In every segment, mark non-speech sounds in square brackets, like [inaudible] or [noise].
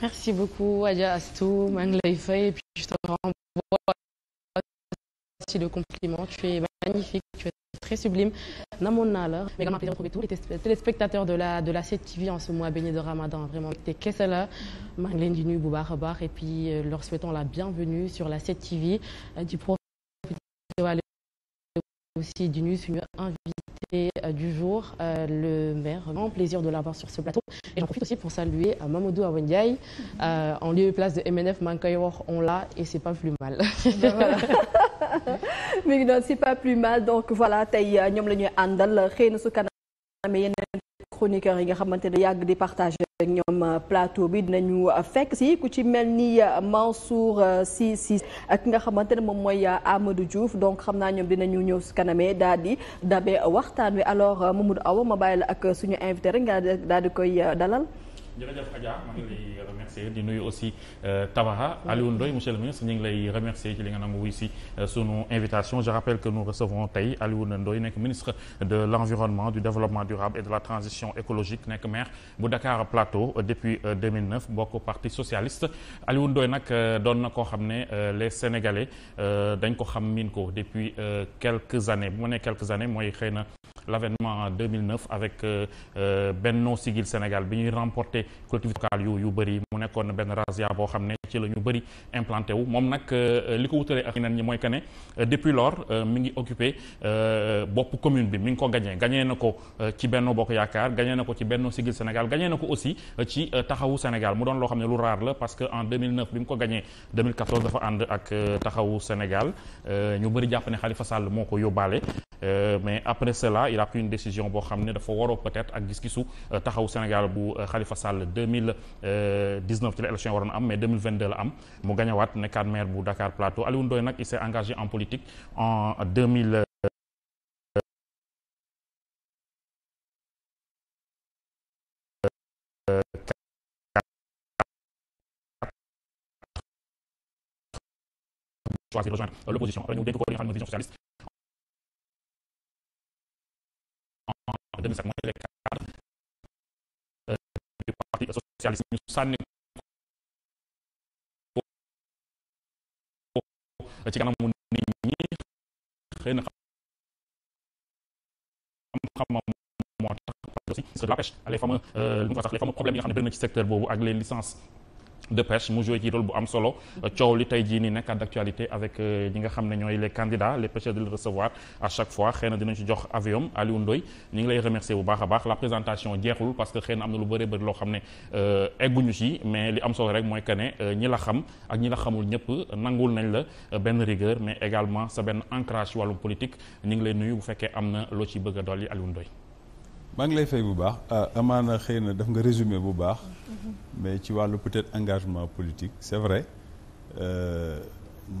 merci beaucoup Adja Astou maa ngi lay fay et puis je te renvoie aussi le compliment tu es magnifique tu es très sublime namoon naa la mais également de la de la 7TV en ce mois béni de Ramadan vraiment te kese la maa ngi leen di nuyu bu baax a baax et puis euh, leur souhaitons la bienvenue sur la 7TV di profiter aussi du Nuit, une invitée euh, du jour, euh, le maire. Grand plaisir de l'avoir sur ce plateau. Et j'en profite aussi pour saluer euh, Mamadou Awendiaï, en lieu et place de MNF Mankayor, on l'a et c'est pas plus mal. Ben voilà. [laughs] c'est pas plus mal donc voilà tey ñoom la ñuy àndal xëy na su kanam yeneen chroniqueurs yi nga xamante ne yàgg di partager ak ñoom euh, plateau bi dinañu euh, fekk si ku ci mel ni euh, Mansour Sy Sy ak ki nga xamante ne moom mooy Amadou Diouf donc xam naa ñoom dinañu ñëw si kanamee daal di dabe waxtaan wi alors Mamadou Awa ma bàyyi la ak suñu invité rek nga daal di koy dalal. jërëjëf Adja maa ngi lay remercier di nuyu aussi euh, Tabaha Alioune Ndoye monsieur le ministre ñu ngi lay remercier ci li nga nangu wuy si euh, sunu invitation je rappelle que nous recevons tey Alioune Ndoye nekk ministre de l'environnement du développement durable et de la transition écologique nekk maire bu Dakar Plateau euh, depuis 2009 bokk parti socialiste Alioune Ndoye nag doon na koo xam ne les Sénégalais dañ ko xam miin ko depuis quelques années bu ma nee quelques années mooy xëy na l'avènement en 2009 avec Benno Siggil Sénégal bi ñuy remporté collectivité locale yu yu bëri mu nekkoon benn razzia boo xam ne ci la ñu bëri implanté wu moom nag euh, li ko wutalee ak ñeneen ñi mooy que ne euh, depuis lors euh, mi ngi occupé bopp commune bi mi ngi ko gagné gagné na ko ci Benno Bokk Yaakaar gagné na ko ci Benno Siggil Sénégal gagné na ko aussi ci taxawu Sénégal mu doon loo xam ne lu raar la parce que en bi mu ko gagné dafa ànd ak taxawu Sénégal ñu bëri jàpp ne Khalifa Sall moo ko yóbbaale mais après cela il a pris une boo xam ne dafa waroo peut-être ak gis-gisu Sall deux mille dix neuf ci la élection waroon am mais deux mille vingt deux la am mu gañawaat nekkaat maire bu Dakar Plateau Alioune Ndoye nag il s'est engagé en politique en deux mille choisir rejoindre l'opposition après ñu dénk ko li nga xam ne parti socialiste ñu sànni ko ci kanamu ñi xëy na xam-xamam moo tax parce que la pêche les fameux eh, li mu ko sax xam ne bëri ci secteur boobu ak les licences de pêche mu joué ci bu am solo coow li tey jii nii nekkaat d'actualité avec euh, ñi nga xam ne ñooy les candidats les pêcheurs de le recevoir à chaque fois xëy na dinañ ci jox avion Aliou Ndoye ñu ngi lay remercier bu baax a baax la présentation jeexul parce que xëy na am na lu bëree bëri loo xam ne euh, egguñu ci mais li am solo rek mooy que ne euh, ñi la xam ak ñi la xamul ñëpp nangul nañ la benn rigueur mais également sa benn ancrage wàllum politique ñu ngi lay nuyu bu fekkee am na loo ci bëgg a dolli maa ngi lay fay bu baax amaan ah, amaana xëy na def nga résumé bu baax. mais ci wàllu peut-être engagement politique c'est vrai euh,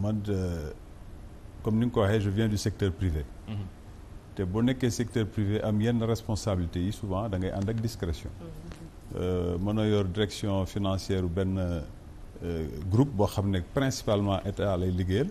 man euh, comme ni nga ko waxee je viens du secteur privé. te boo nekkee secteur privé am yenn responsabilité yi souvent da ngay ànd ak discrétion. Euh, mën a yor direction financière benn euh, groupe boo xam ne principalement état lay liggéeyal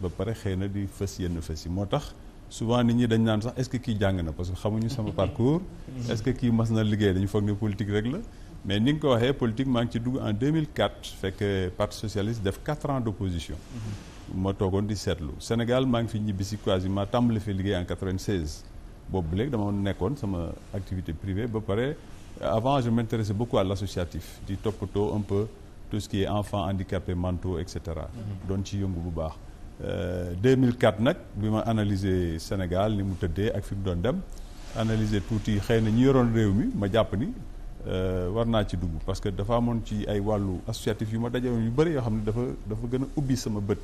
ba pare xëy na di fës yenn fës yi moo tax. souvent nit ñi dañ naan sax est-ce que jàng na parce que xamuñu sama parcours. [laughs] est-ce que kii mas na liggéey dañu foog ne politique rek la. mais ni nga ko waxee politique maa ngi ci dugg en 2004 fekk parti socialiste def 4 ans d'opposition. Mm-hmm. ma toogoon di seetlu Sénégal maa ngi fi ñibbisi quasiment tàmbali fi liggéey en 96. boobu léegi dama nekkoon sama activité privée ba pare avant je m'intéressais beaucoup à l'associatif di toppatoo un peu tout ce qui est enfants handicapés et cetera. Mm-hmm. doon ci yëngu bu baax. 2004 euh, nag bi ma analyser Sénégal ni mu tëddee ak fi mu doon dem analyser tuuti xëy na ñi yoroon réew mi ma jàpp ni euh, war naa ci dugg parce que dafa amoon ci ay wàllu associatif yu ma dajaloon yu bëri yoo xam ne dafa dafa gën a ubbi sama bët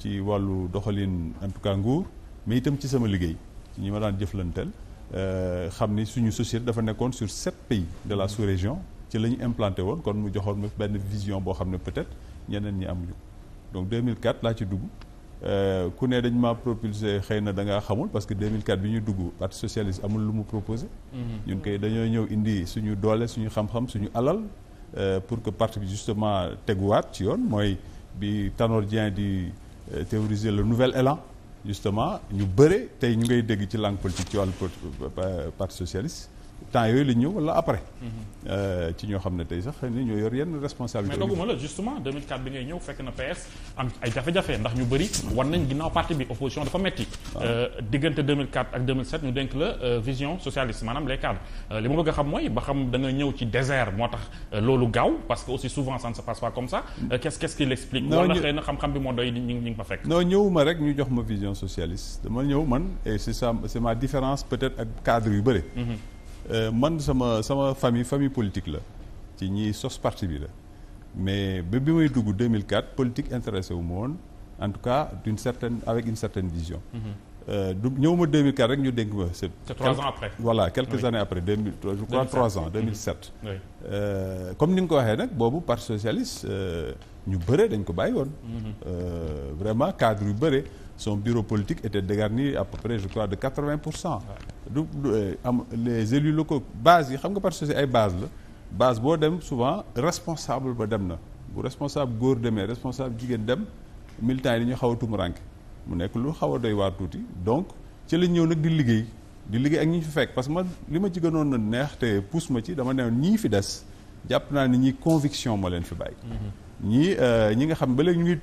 ci wàllu doxalin en tout cas nguur itam ci sama liggéey ñi ma daan jëflanteel euh, xam ni suñu société dafa nekkoon sur sept pays de la sous-région ci lañu ñu woon kon mu joxoon ma benn vision boo xam ne peut-être ñeneen ñi amuñu donc 2004 laa ci dugg Euh, ku ne dañ maa propulsé xëy na da ngaa xamul parce que 2004 bi ñu dugg parti socialiste amul lu mu proposé. Mhm. ñun koy dañoo ñëw indi suñu doole suñu xam-xam suñu alal euh, pour que parti bi justement teguwaat ci yoon mooy bi Tanor Dieng di euh, théoriser le nouvel élan. justement ñu bëre tey ñu ngay dégg ci langue politique ci wàllu parti socialiste. temps yooyu la ñëw wala après. Mhm. Euh, ci ñoo xam ne tey sax xëy na ñoo yor yenn responsabilité. mais doguma la justement 2004 bi ngay ñëw fekk na PS am ah. euh, euh, a xam mooy ba moo tax loolu gaaw parce que aussi souvent ça ne se passe pas comme ça. qu'est-ce qu'est-ce qui l'explique. wala xëy na xam-xam bi moo doy ñu ñëw man et c'est ça c'est ma différence peut ak cadre yu bëri. Mhm. Euh, man sama sama famille famille politique la ci ñi sos parti bi la mais ba bi may dugg 2004 politique intéressé wu ma woon en tout cas d'une certaine avec une certaine vision. Mm-hmm. Euh, du ñëw ma rek ñu dénk ma. c'est trois ans après. voilà quelques oui. années après 2000 je ans 2007. Mm-hmm. oui euh, comme ni nga ko waxee nag boobu parti socialiste ñu bëre dañ ko bàyyi woon. Mm-hmm. vraiment cadre yu bëre. son bureau politique était dégarni à peu près je crois de 80 pour cent. du euh, am les élus ko base yi xam nga parce que ay base la base boo dem souvent responsable ba dem na bu responsable góor demee responsable jigéen dem militants yi dañu xaw a tumurànke mu nekk lu xaw a doy waa tuuti donc ci lañ ñëw nag di liggéey di liggéey ak ñi fi fekk parce que man li ma ci gënoon a neex te pousse ma ci dama ne ñii fi des jàpp naa ni ñii conviction moo leen fi bàyyi. Mm-hmm. ñii euh, ñi nga xam ñu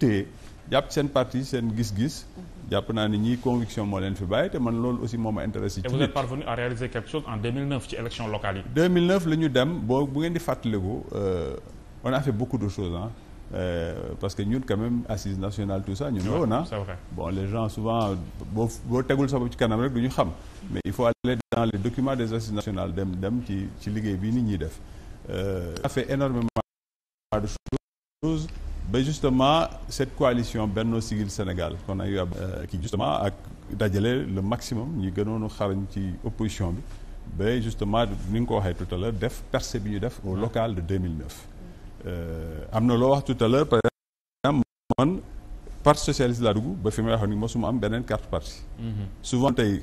jàpp seen parti seen gis-gis. jàpp naa ni ñii conviction moo leen fi bàyyi te man loolu aussi moom ma intéressé. ci vous êtes parvenu à réaliser quelque chose en 2009 ci élection locale yi. 2009 la ñu dem boo bu ngeen di fàttaliku euh, on a fait beaucoup de choses ah. parce que ñun quand même assise nationale tout ça ñun la woon ah bon les gens souvent boo boo tegul sa ci kanam rek du ñu xam mais il faut aller dans les documents des assises nationales dem dem ci ci liggéey bi nit ñuy def euh, ça fait énormément de choses ba justement cette coalition Benno Siggil Sénégal qu'on a eu à qui justement ak dajale le maximum ñi gënoonu xarañ ci opposition bi ba justement ni nga ko waxee tout à l'heure def percée bi ñu def o local de 2009 euh, am na loo wax tout à l'heure par exemple man parti socialiste laa dugg ba fi may waxoon ni mosuma am beneen carte parti mhm. souvent tey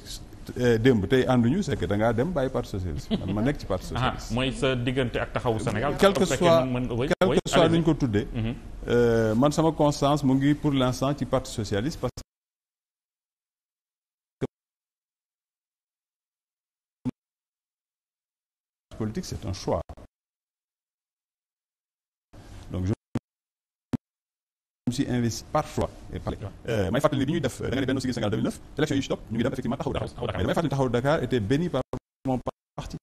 euh, démb tey ànduñu c'est que da ngaa dem bàyyi parti socialiste [laughs] man ma nekk ci parti ah, socialiste mooy sa diggante ak taxawu Sénégal quel que Euh, man sama constance mu ngi pour l'instant ci parti socialiste parce que politique c'est un choix donc je me suis investi par choix et par euh, may bi ñuy def da nga ne Benno Siggil Sénégal 2009 élection yi ci ñu ngi dem effectivement Taxawu Dakar mais damay fàttali Taxawu Dakar était béni par mon parti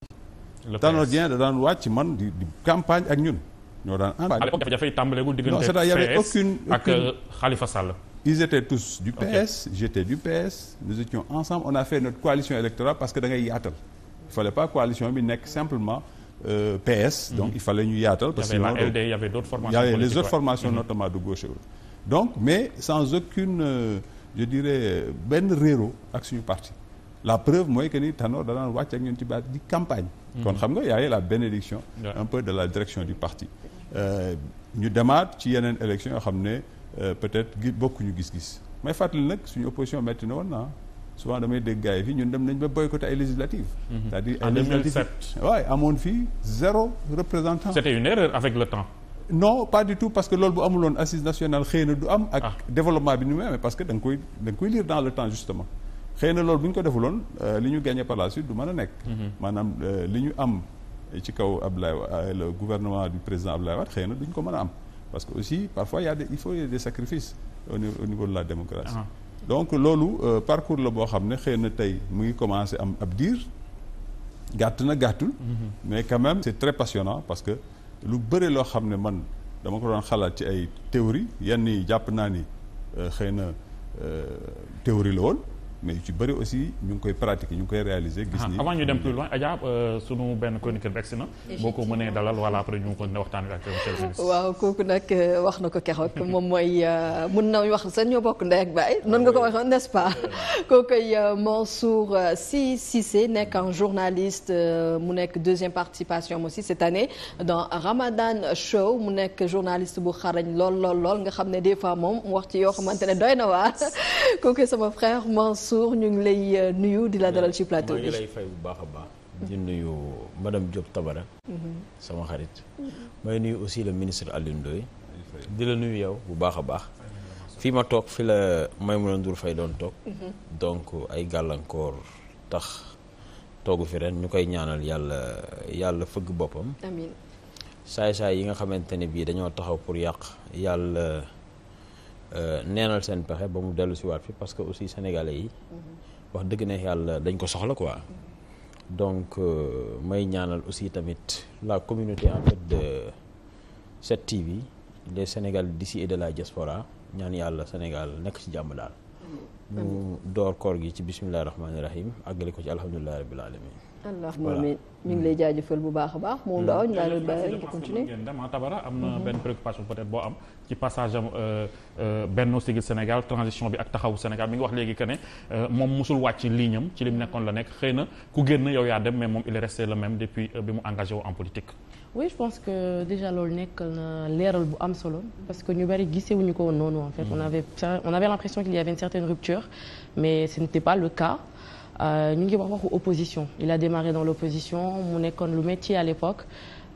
daanoon gain da daan wàcc man di campagne ak ñun ñoo daan ah, ànd. à l'époque jafe-jafe yi tàmbaleegul diggante PS ak euh, Khalifa Sall. ils étaient tous du PS okay. j'étais du PS nous étions ensemble on a fait notre coalition électorale parce que da ngay yaatal. il fallait pas coalition bi nekk simplement euh, PS. Mhm. donc mm -hmm. il fallait ñu yaatal. parce que sinon il y avait la LD il y avait d'autres formations. il y avait les autres formations mm -hmm. notamment de gauche donc mais sans aucune euh, je dirais euh, benn réero ak suñu parti la preuve mooy que ni Tanor da daan wàcc ak ñun ci baat di campagne. Mhm. kon xam nga yaay la bénédiction un peu de la direction du parti euh, ñu demaat ci yeneen élection yoo xam ne euh, peut-être bokkuñu gis-gis may fàttali nag suñu opposition metti na woon na ah. souvent damay dégg gars yi fii ñun dem nañ ba boycotter ay législatives. Mhm. c'est-à-dire ay législatives en 2007. waaye amoon fii zéro représentant. c'était une erreur avec le temps. non pas du tout parce que loolu bu amuloon assise nationale xëy na du am. ak ah. développement bi ni muy amee parce que xëy na loolu bu ñu ko defuloon euh, li ñu gagné par la suite du mën a nekk. Mhm. maanaam euh, li ñu am ci kaw Abdoulaye euh, le gouvernement du président Abdoulaye Wade xëy na du ñu ko mën a am parce que aussi parfois y a des il faut y a des sacrifices au niveau de la démocratie. Ah. donc loolu parcours la boo xam ne xëy na tey mu ngi commencé am ab diir gàtt na gàttul. Mhm. mais quand même c'est très passionnant parce que lu bëri loo xam ne man dama ko doon xalaat ci ay théories yenn yi jàpp naa ni xëy na théorie la woon. mais yu ci bëri aussi ñu ngi koy pratiquer ñu ngi koy réaliser. gis ah, ni avant ñu dem euh, plus loin Adja euh, sunu benn chroniqueur vexi na. boo ko mënee dalal ko waxtaan waaw kooku nag euh, wax na ko keroog [laughs] moom mooy mun na wax sax ñoo bokk ndey ak baay noon nga ko waxoon n'est-ce pas. [laughs] kookoy Mansour Sy Cissé nekk un journaliste mu nekk deuxième participation aussi cette année dans Ramadan Show mu nekk journaliste bu xarañ lool lool lool nga xam ne des fois moom wax ci yoo xamante ne doy na waar [laughs] kooku sama frère Mansour ñu ngi lay euh, nuyu di la dalal ci plateau bi. maa ngi lay fay bu baax a baax. di nuyu madame Diop Tabara. Mm-hmm. sama xarit. Mm-hmm. may nuyu aussi la ministre Alioune Ndoye. di la nuyu yow bu baax a baax. fii ma toog fi la may Maimouna Ndour fay doon toog. Mm-hmm. donc ay gàllankoor tax toogu fi ren ñu koy ñaanal yàlla yàlla fëgg boppam. saay saay yi nga xamante ne bii dañoo taxaw pour yàq yàlla. Euh, neenal seen pexe ba mu dellu si waat fi parce que aussi sénégalais yi mhm. wax dëgg ne yàlla dañ ko soxla quoi mhm. donc euh, may ñaanal aussi tamit la communauté en fait de cette TV les Sénégalais d'ici et de la diaspora ñaan yàlla Sénégal nekk ci jàmm daal mhm. mu door koor gi ci bisimilah rahmaani rahim àggale ko ci alhamdulilah rabbil alamin allah moom mi ngi lay jaajëfal bu baax a baax. moom daaw ñu daal di bàyyi nga continuer. tabara am na benn préoccupation peut-être boo am. ci passage am euh, euh, Benno Siggil Sénégal transition bi ak taxawu Sénégal mi ngi wax léegi que ne euh, moom musul wàcc ligne am ci li mu nekkoon la nekk xëy na ku génn yow yaa dem mais moom il est resté le même depuis bi mu engagé wu en politique. oui je pense que déjà loolu nekkal na leeral bu am solo parce que ñu bari gisewuñu ko woon noonu en fait mm-hmm. on avait l'impression qu'il y une certaine rupture mais ce n'était pas le cas ñu ngi wax waxu opposition il a démarré dans l'opposition mu nekkoon lu métti à l'époque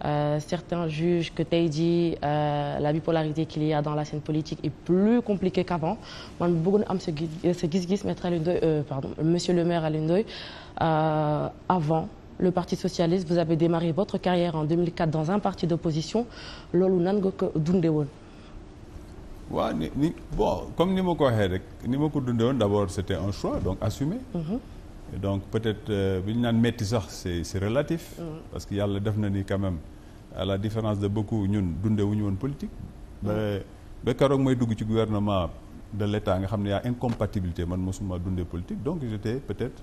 Euh, certains jugent que tey jii euh, la bipolarité qu'il y a dans la scène politique est plus compliquée qu'avant sa sa gis-gis maître Alioune Ndoye euh, monsieur le maire Alioune Ndoye euh, avant le parti socialiste vous avez démarré votre carrière en 2004 dans un parti d'opposition loolu nan nga ko dundee ni comme ni ma ko waxee rek ni ma ko dundee woon d'abord c'était un choix donc assumé. mm donc peut-être euh, bi ñu naan sax c'est relatif. Mhm. parce que yàlla def na ni quand même. à la différence de beaucoup ñun dundewuñu woon politique. ba ba mooy dugg ci gouvernement de l' état nga xam ne y' a incompatibilité man mosuma dundee politique donc j' étais peut être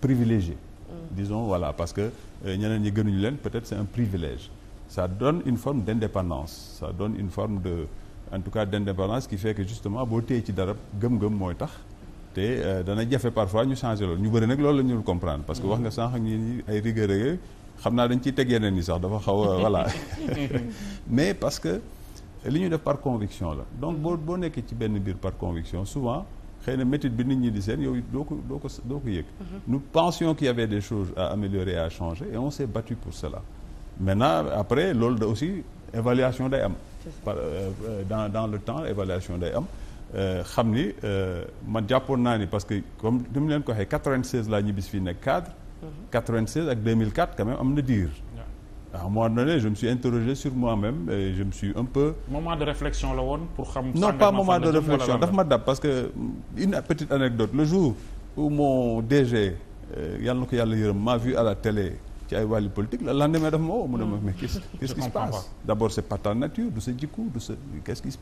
privilégié. Mm. disons voilà parce que euh, ñeneen ñi gënuñu leen peut être c' est un privilège. ça donne une forme d' indépendance ça donne une forme de en tout cas d' indépendance qui fait que justement boo téye ci dara gëm-gëm mooy tax. te euh, dana jafe parfois ñu changé loolu ñu bëri nag loolu la ñu comprendre. parce que mm. wax nga sànq ñi ay rigueur xam naa dañ ciy teg yeneen yi sax dafa xaw a [laughs] mais parce que li ñu def par conviction la donc boo boo nekkee ci benn biir par conviction souvent xëy na métit bi nit ñi di seen yow doo ko doo ko doo ko yëg mhm. nous pensions qu'il y avait des choses à améliorer et à changer et on s'est battu pour cela maintenant après loolu da aussi évaluation day am par euh, euh, dans dans le temps évaluation day am euh, xam ni man jàppoon naa ni parce que comme ni mu leen ko waxee 96 laa ñibbis fii nekk cadre 96 ak 2004 quand même am na diir. à un moment donné je me suis interrogé sur moi-même je me suis un peu. moment de réflexion la woon pour xam. non pas moment de réflexion daf ma dab parce que une petite anecdote le jour où mon euh, yàlla na ko yàlla yërëm m'a vu à la télé ci ay wàllu politique le lendemain daf ma woo mu ne ma hmm. mais quest qu'est-ce qui se passe d'abord c'est pas nature du sa jikko du sa qu'est-ce qui se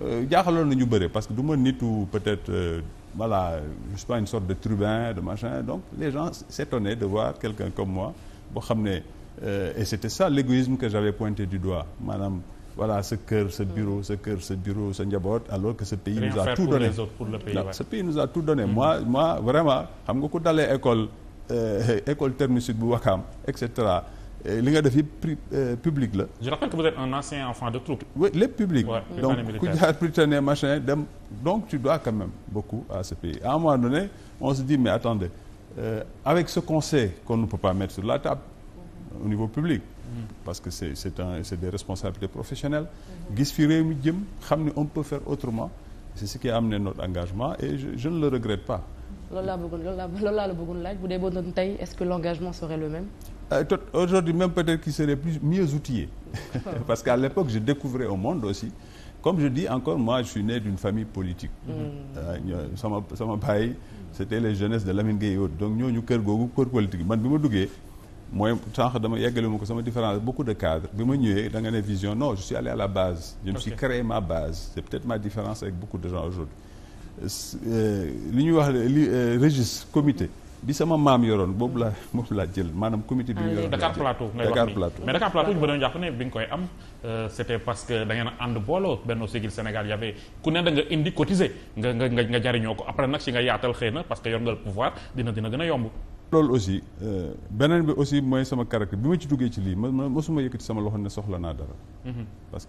Euh, jaaxaloon na ñu bëri parce que du ma nitu peut-être euh, voilà je suis pas une sorte de tribun de machin donc les gens s'étonnaient de voir quelqu'un comme moi boo xam ne euh, et c'était ça l'égoïsme que j'avais pointé du doigt maanaam voilà sa kër sa bureau sa kër sa bureau sa njaboot alors que ce pays nous a tout donné ce pays nous a tout donné moi moi vraiment xam nga ko dalee école euh, école terme sud bu Wakaam et cetera Euh, li nga def yëpp euh, public la. je rappelle que de troupe. oui public. donc ku jaar Prytanée machin donc tu dois quand beaucoup à ce pays à un moment donné on se dit mais attendez euh, avec ce conseil qu'on ne peut pas mettre sur la table au niveau public. Mm. parce que c'est c'est un c'est des responsabilités professionnelles. gis fi réew mi jëm xam ne on peut faire autrement. c'est ce qui a amené notre engagement et je, ne le regrette pas. loolu laa bëggoon loolu laa loolu laa la bëggoon laaj est-ce que l'engagement serait Euh, aujourd'hui même peut-être qu'ils seraient plus mieux outillés [laughs] parce qu'à l'époque je découvrais au monde aussi comme je dis encore moi je suis né d'une famille politique mm. euh, sama sama baay c'était les jeunesses de Lamine Gueye autres donc ñooñu kër googu kër politique bi ma duggee mooy sànq dama yeggale ma ko sama différence beaucoup de cadres bi ma ñëwee da nga ne vision non je suis allé à la base je me suis créé ma base c'est peut-être ma différence avec euh, li ñuy wax li registre comité bi sama maam yoroon boobu laa moom [laughs] laa jël maanaam comité bi. Ah, yoroon Dakar Plateau ngay wax mais Dakar Plateau bi nga koy am euh, c'était parce que da ànd booloo Benno Siggil Sénégal y avait ku ne da nga indi cotiser nga nga nga jariñoo ko après nag si nga yaatal xëy na parce que yor nga le pouvoir dina dina gën a yomb. loolu aussi euh, beneen bi aussi mooy sama caractère bi ma ci duggee ci lii ma ma mosuma yëkkati sama loxo ne soxla naa dara. Mhm. parce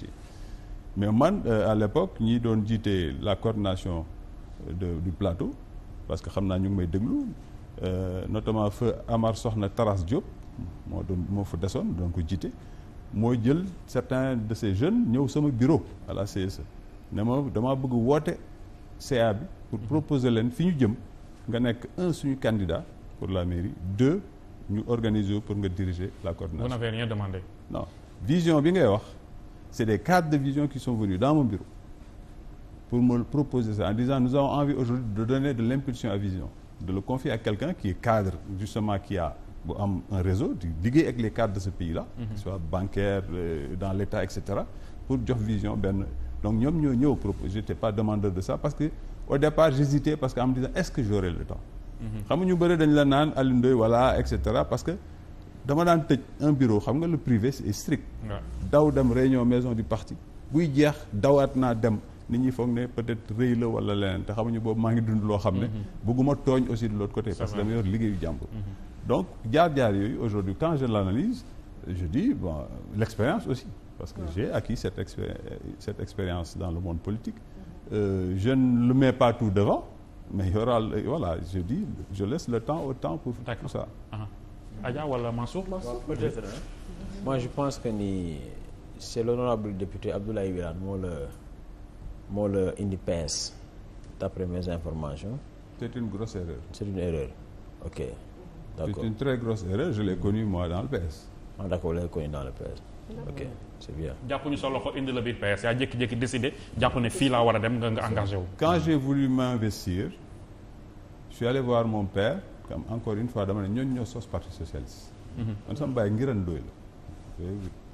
que mais man euh, à l'époque ñi doon jiite la coordination euh, de du plateau parce que xam naa ñu ngi may déglu euh, notamment feu Amar Soxna Taras Diop moo doon moo fa desoon doon ko jiite moo jël certains de ces jeunes ñëw sama bureau à la e. ne ma damaa bëgg woote CA bi pour mhm. proposer leen fi ñu jëm nga nekk un suñu candidat pour la mairie deux ñu organiser pour nga diriger la coordination. Vous n'avez rien demandé. vision bi ngay wax. c'est des cadres de vision qui sont venus dans mon bureau pour me proposer ça en disant nous avons envie aujourd'hui de donner de l'impulsion à vision de le confier à quelqu'un qui est cadre justement qui a bu am un réseau di liggéey ak les cadres de ce pays là mm-hmm. soit bancaire euh, dans l'État et pour jox vision benn donc ñoom ñoo ñëw proposer j'étais pas demandeur de ça parce que au départ j'hésitais parce que en me disant est-ce que j'aurai le temps mm-hmm. parce que dama daan tëj un bureau xam nga le privé c'est strict daw dem réunion maison du parti buy jeex dawaat naa dem nit ñi foog ne peut-être rëy la wala leneen te xamuñu boobu maa ngi dund loo xam ne mhm. bëgguma tooñ aussi de l'autre côté parce que dama yor liggéeyu jàmbur mhm. donc jaar-jaar yooyu aujourd'hui quand je l'analyse je dis bon l'expérience aussi parce que j'ai acquis cette expérience dans le monde politique euh, jeune le mais pas tout devant mais yoral aura voilà je dis le temps au temps pour tout ça uh -huh. Adja wala Mansour. Mansour peut-être moi je pense que ni c'est l'honorable député Abdoulaye Wilane moo la moo la indi PS d'après mes informations. c'est une grosse erreur. c'est une erreur ok. d'accord c'est une très grosse erreur je l'ai connu moi dans le PS. ah d'accord vous l'avez connu dans le PS. ok c'est bien. jàpp ñu sa loxo indi la biir PS yaa jékki-jékki décidé jàpp ne fii laa war a dem nga nga engagé wu. quand j'ai voulu m'investir je suis allé voir mon père. que am encore une fois dama ne ñooñ ñoo sos parti socialiste. Mhm. man sama bàyyi Ngiran Ndoye la.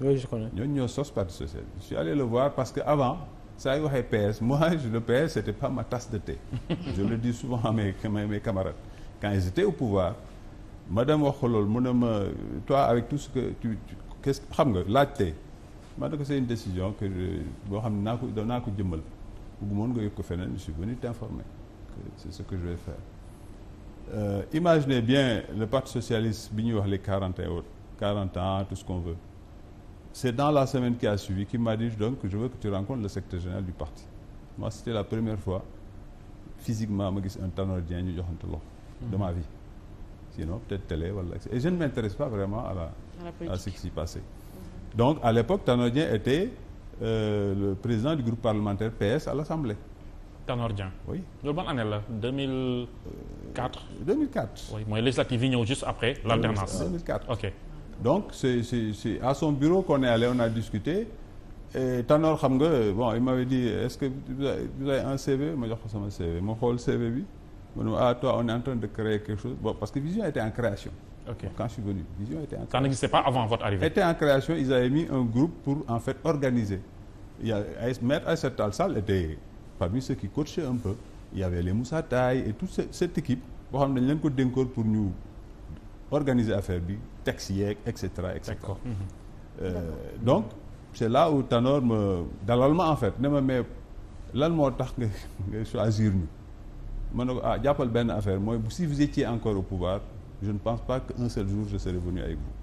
yooyu ñoo sos parti socialiste. je suis allé le voir parce que avant saa waxee PS [laughs] moi le PS c'était pas ma tasse de thé. [laughs] je le dis souvent à mes mes camarades quand ils pouvoir ma dem wax ko loolu mu ne ma toi avec tout ce que xam nga laajte ma ne ko c'est une décision que boo xam ne naa ko naa ko jëmmal bëgg moon nga yëg ko feneen je suis venu t'informer c'est ce que je vais euh, imaginez bien le parti socialiste bi ñuy wax les quarante et autres quarante ans tout ce qu'on veut c'est dans la semaine qui a suivi qu'il m'a dit je veux que tu rencontres le secrétaire général du parti moi c'était la première fois physiquement ma gis un tanordien ñu joxante loxo de mhm. ma vie sinon peut-être télé wala et je ne m'intéresse pas vraiment à la à ce qui s'y passait mhm. donc à l'époque Tanor était euh, le président du groupe parlementaire PS à l'Assemblée Tanor Dieng. oui loolu ban année la 2004. 2004 euh, oui mooy législative yi ñëw juste après. l'alternance 2004 ok. donc c'est c'est c'est à son bureau qu'on on a discuté et xam nga bon il m'avait dit est-ce que vous avez un CV ma jox ko sama CV ma xool CV bi ma ne ah toi on est en de créer quelque chose bon parce que Vision était en création. ok bon, quand je suis venu Vision était en. création ça n'existait pas avant votre arrivée. était en création ils avaient mis un groupe pour en fait organiser il a parmi ceux qui coachaient un peu il y avait les Moussa Taye et toute cette boo xam ne dañ leen ko dénkoon pour ñu organiser affaire bi texte yeeg et cetera et cetera mhm. euh, donc c'est là où Tanor ma dalal ma en fait ne ma mais lan moo tax nga nga choisir ñu ma ne ko ah jàppal benn affaire mooy si vous étiez encore au pouvoir je ne pense pas qu'un seul jour je serais venu avec vous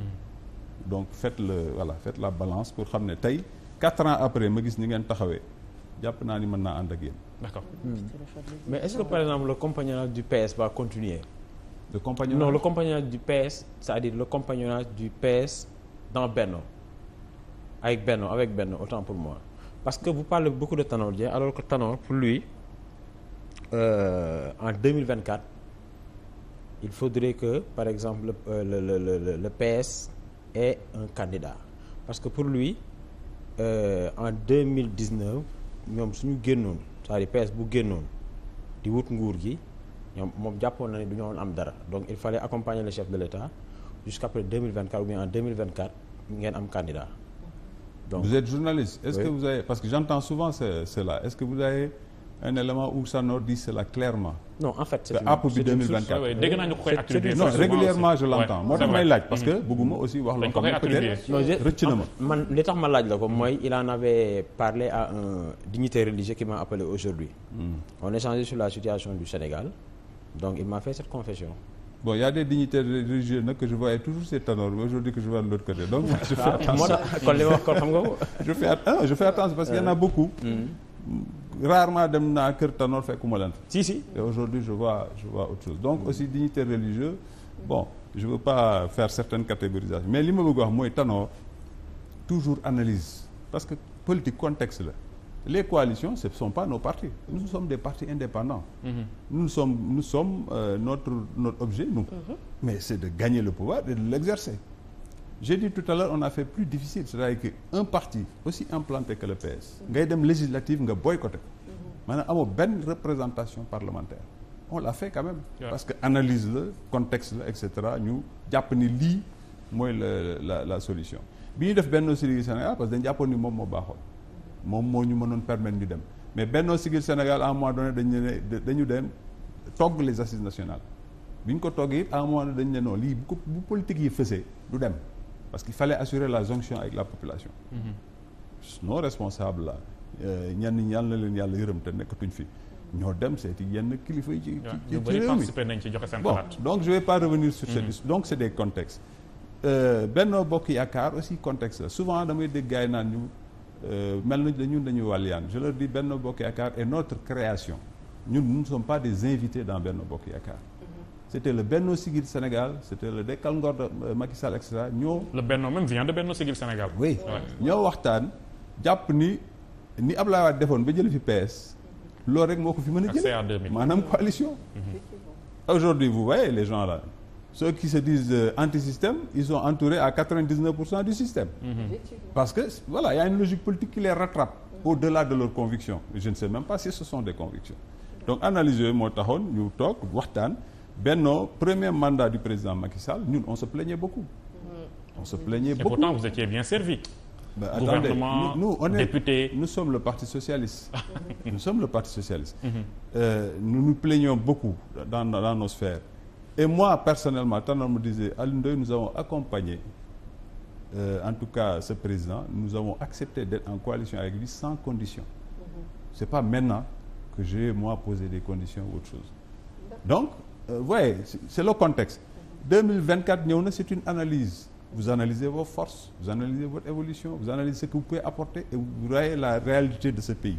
mhm. donc faites le voilà faites la balance pour xam ne tey quatre ans après ma gis ni ngeen taxawee jàpp naa ni mën naa ànd ak yéen. d'accord hmm. Hmm. mais est-ce que par exemple le compagnonnage du PS va continuer. le compagnonnage non le compagnonnage du PS c'est-à-dire le compagnonnage du PS dans Benno avec Benno avec Benno autant pour moi parce que vous parlez beaucoup de Tanor Dieng alors que Tanor pour lui euh, en 2024 il faudrait que par exemple euh, le, le le le PS ait un candidat parce que pour lui euh, en 2019 ñoom suñu génnoon c'est-à-dire bu génnoon di wut nguur gi ñoom moom jàppoon na ne du ñu woon am dara donc il fallait accompagner le chef de l'État jusqu'après 2024 ou bien en 2024 ngeen am candidat donc vous êtes journaliste est-ce que vous avez parce que j'entends souvent ce, cela est que vous avez un élément où Sanor dit cela clairement. non en fait c'est app bi non régulièrement je l'entends moo may laaj parce que mhm. bëgguma aussi wax loo xam na ma. man li tax ma laaj la ko mooy il en avait parlé à un dignitaire qui m'a appelé aujourd'hui hmm. on a échangé sur la situation du Sénégal donc il m'a fait cette confession. bon y a des dignitaires religieux nag que je voyais toujours ces Tanor aujourd'hui que je vois l'autre côté donc. Ah, je fais [laughs] rarement dem na kër Tanor fekkuma leen si si et aujourd'hui je vois je vois autre chose donc aussi dignité religieuse bon je veux pas faire certaines catégorisations mais li ma bëgg wax mooy Tanor toujours analyse parce que politique contexte la les coalitions ce ne sont pas nos partis nous sommes des partis indépendants mm -hmm. nous sommes euh, notre objet nous mhm. mais c'est de gagner le pouvoir et de l'exercer j'ai dit tout à l'heure on a fait plus difficile c'est-à-dire que un parti aussi implanté que le PS ngay dem législative nga boycotté ko mhm. maanaam amoo benn représentation parlementaire on l'a fait quand parce que analyse la contexte la et cetera ñu jàpp ni lii mooy la la solution bi ñu def Benno Siggil Sénégal parce que dañu jàppoon ni moom moo baaxoon moom moo ñu mënoon permettre ñu dem mais Benno Siggil Sénégal en un moment donné dañu ne dañu dem togg les assises nationales bi ñu ko toggee it à un moment donné dañu ne non lii bu ko du dem parce qu'il fallait assurer la jonction avec la population mhm. nos responsables là euh, ñenn ñi yàlla na leen yàlla yërëm te nekkatuñ fi ñoo dem seeti yenn kilifa yi ci ci ci réew bon donc je vais pas revenir sur cette mhm. donc c'est des contextes euh, Benno Bokk Yaakaar aussi contexte la souvent damay dégg gars yi naan ñu euh, mel nañ dañu dañuy wàlliyaan je leur dis Benno Bokk Yaakaar est notre création ñun nous ne sommes pas des invités dans Benno Bokk Yaakaar c'était le Benno Siggil Sénégal c'était le Dekkal Ngor de euh, Macky Sall et cetera ñoo. le Benno même vient de Benno Siggil Sénégal. oui ñoo waxtaan jàpp ni ni Abdoulaye Wade defoon ba jël fi PS loolu rek moo ko fi mën a jël maanaam coalition. aujourd'hui vous voyez les gens là ceux qui se disent euh, anti-système ils sont entourés à 99 pour cent du système. Mhm. parce que voilà il y une logique politique qui les rattrape. au-delà de leurs convictions je ne sais même pas si ce sont des convictions. moo taxoon ñu toog waxtaan. Benno premier mandat du président Macky Sall ñun on se plaignait beaucoup. Mm. on se plaignait beaucoup et pourtant vous servi. Ben, attendez gouvernement nous, nous on est nous parti socialiste. nous sommes le parti socialiste. [laughs] Mm-hmm. euh, nous nous plaignons beaucoup dans nos sphères. et moi personnellement Tanor me disait Alioune Ndoye nous avons accompagné euh, en tout cas ce président nous avons accepté d'être en coalition avec lui sans condition. Mm-hmm. c'est pas maintenant que j'ai moi posé des conditions ou autre chose. donc. voyez euh, c'est le contexte 2024 ñëw na c'est une analyse vous analysez vos forces vous analysez votre évolution vous analysez ce que vous pouvez apporter et la réalité de ce pays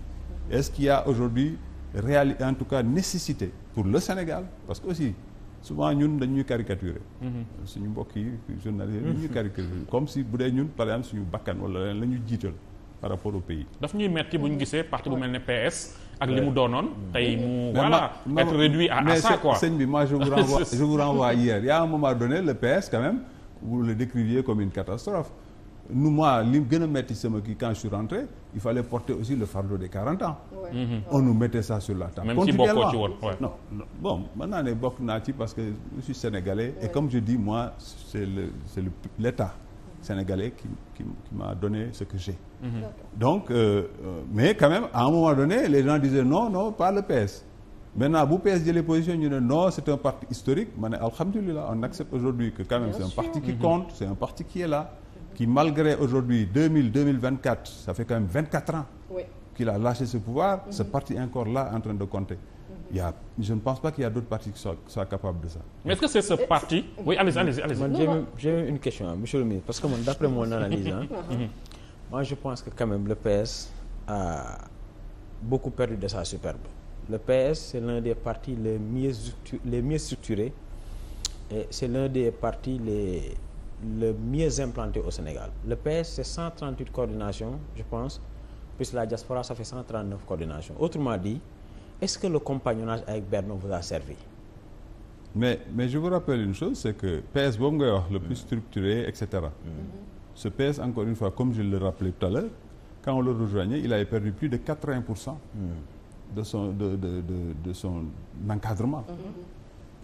est-ce qu'il y aujourd'hui réali en tout cas nécessité pour le Sénégal parce que aussi souvent ñun dañuy caricaturer mm-hmm. suñu mbokk yi journalistes mm-hmm. dañuy caricaturer comme si bu dee ñun par exemple suñu bakkan wala leen ñu jiital par rapport au pays daf ñuy metti bu ñu gisee parti bu m ak li mu doonoon tey mu voilà mais sëñ bi moi je vous [laughs] renvoie hier il y a un moment donné le PS quand même vous le décriviez comme une catastrophe nous moi li gën a metti sama kii quand je suis rentré il fallait porter aussi le fardeau des 40 ans. Ouais. Mm on nous mettait ça sur la table. même si bokkoo ci woon bon mën naa ne bokk naa ci parce que je suis sénégalais. Ouais. et comme je dis moi le c'est le l'État. sénégalais qui, qui, qui m'a donné ce que j'ai. Mm -hmm. Donc, euh, euh, mais quand même, à un moment donné, les gens disaient non, non, pas le PS. Maintenant, vous PS les positions, nous disons non, c'est un parti historique. Mais Alhamdulillah, on accepte aujourd'hui que c'est un parti qui mhm. compte, c'est un parti qui est là, qui malgré aujourd'hui 2000 quand même 24 ans oui. qu'il lâché ce pouvoir, ce mhm. parti encore là en train de compter. y a je ne pense pas qu'il parti. oui allez-y allez que man d'après mon analyse [laughs] mhm. je pense que quand le PS a beaucoup de sa superbe. le PS c'est l'un des partis les mieux les mieux structurés et c'est l'un des partis les le mieux implanté au Sénégal. Le PS, c'est 138 coordinations, je pense, plus la diaspora, ça fait 139 coordinations. Autrement dit, est-ce que le compagnonnage avec Benno vous mais mais je vous rappelle PS boobu ngay wax le plus mm. structuré et cetera mm. mm-hmm. PS encore comme je le rappelais tout à l'heure quand pour cent mm. de son de de de de son encadrement mm-hmm.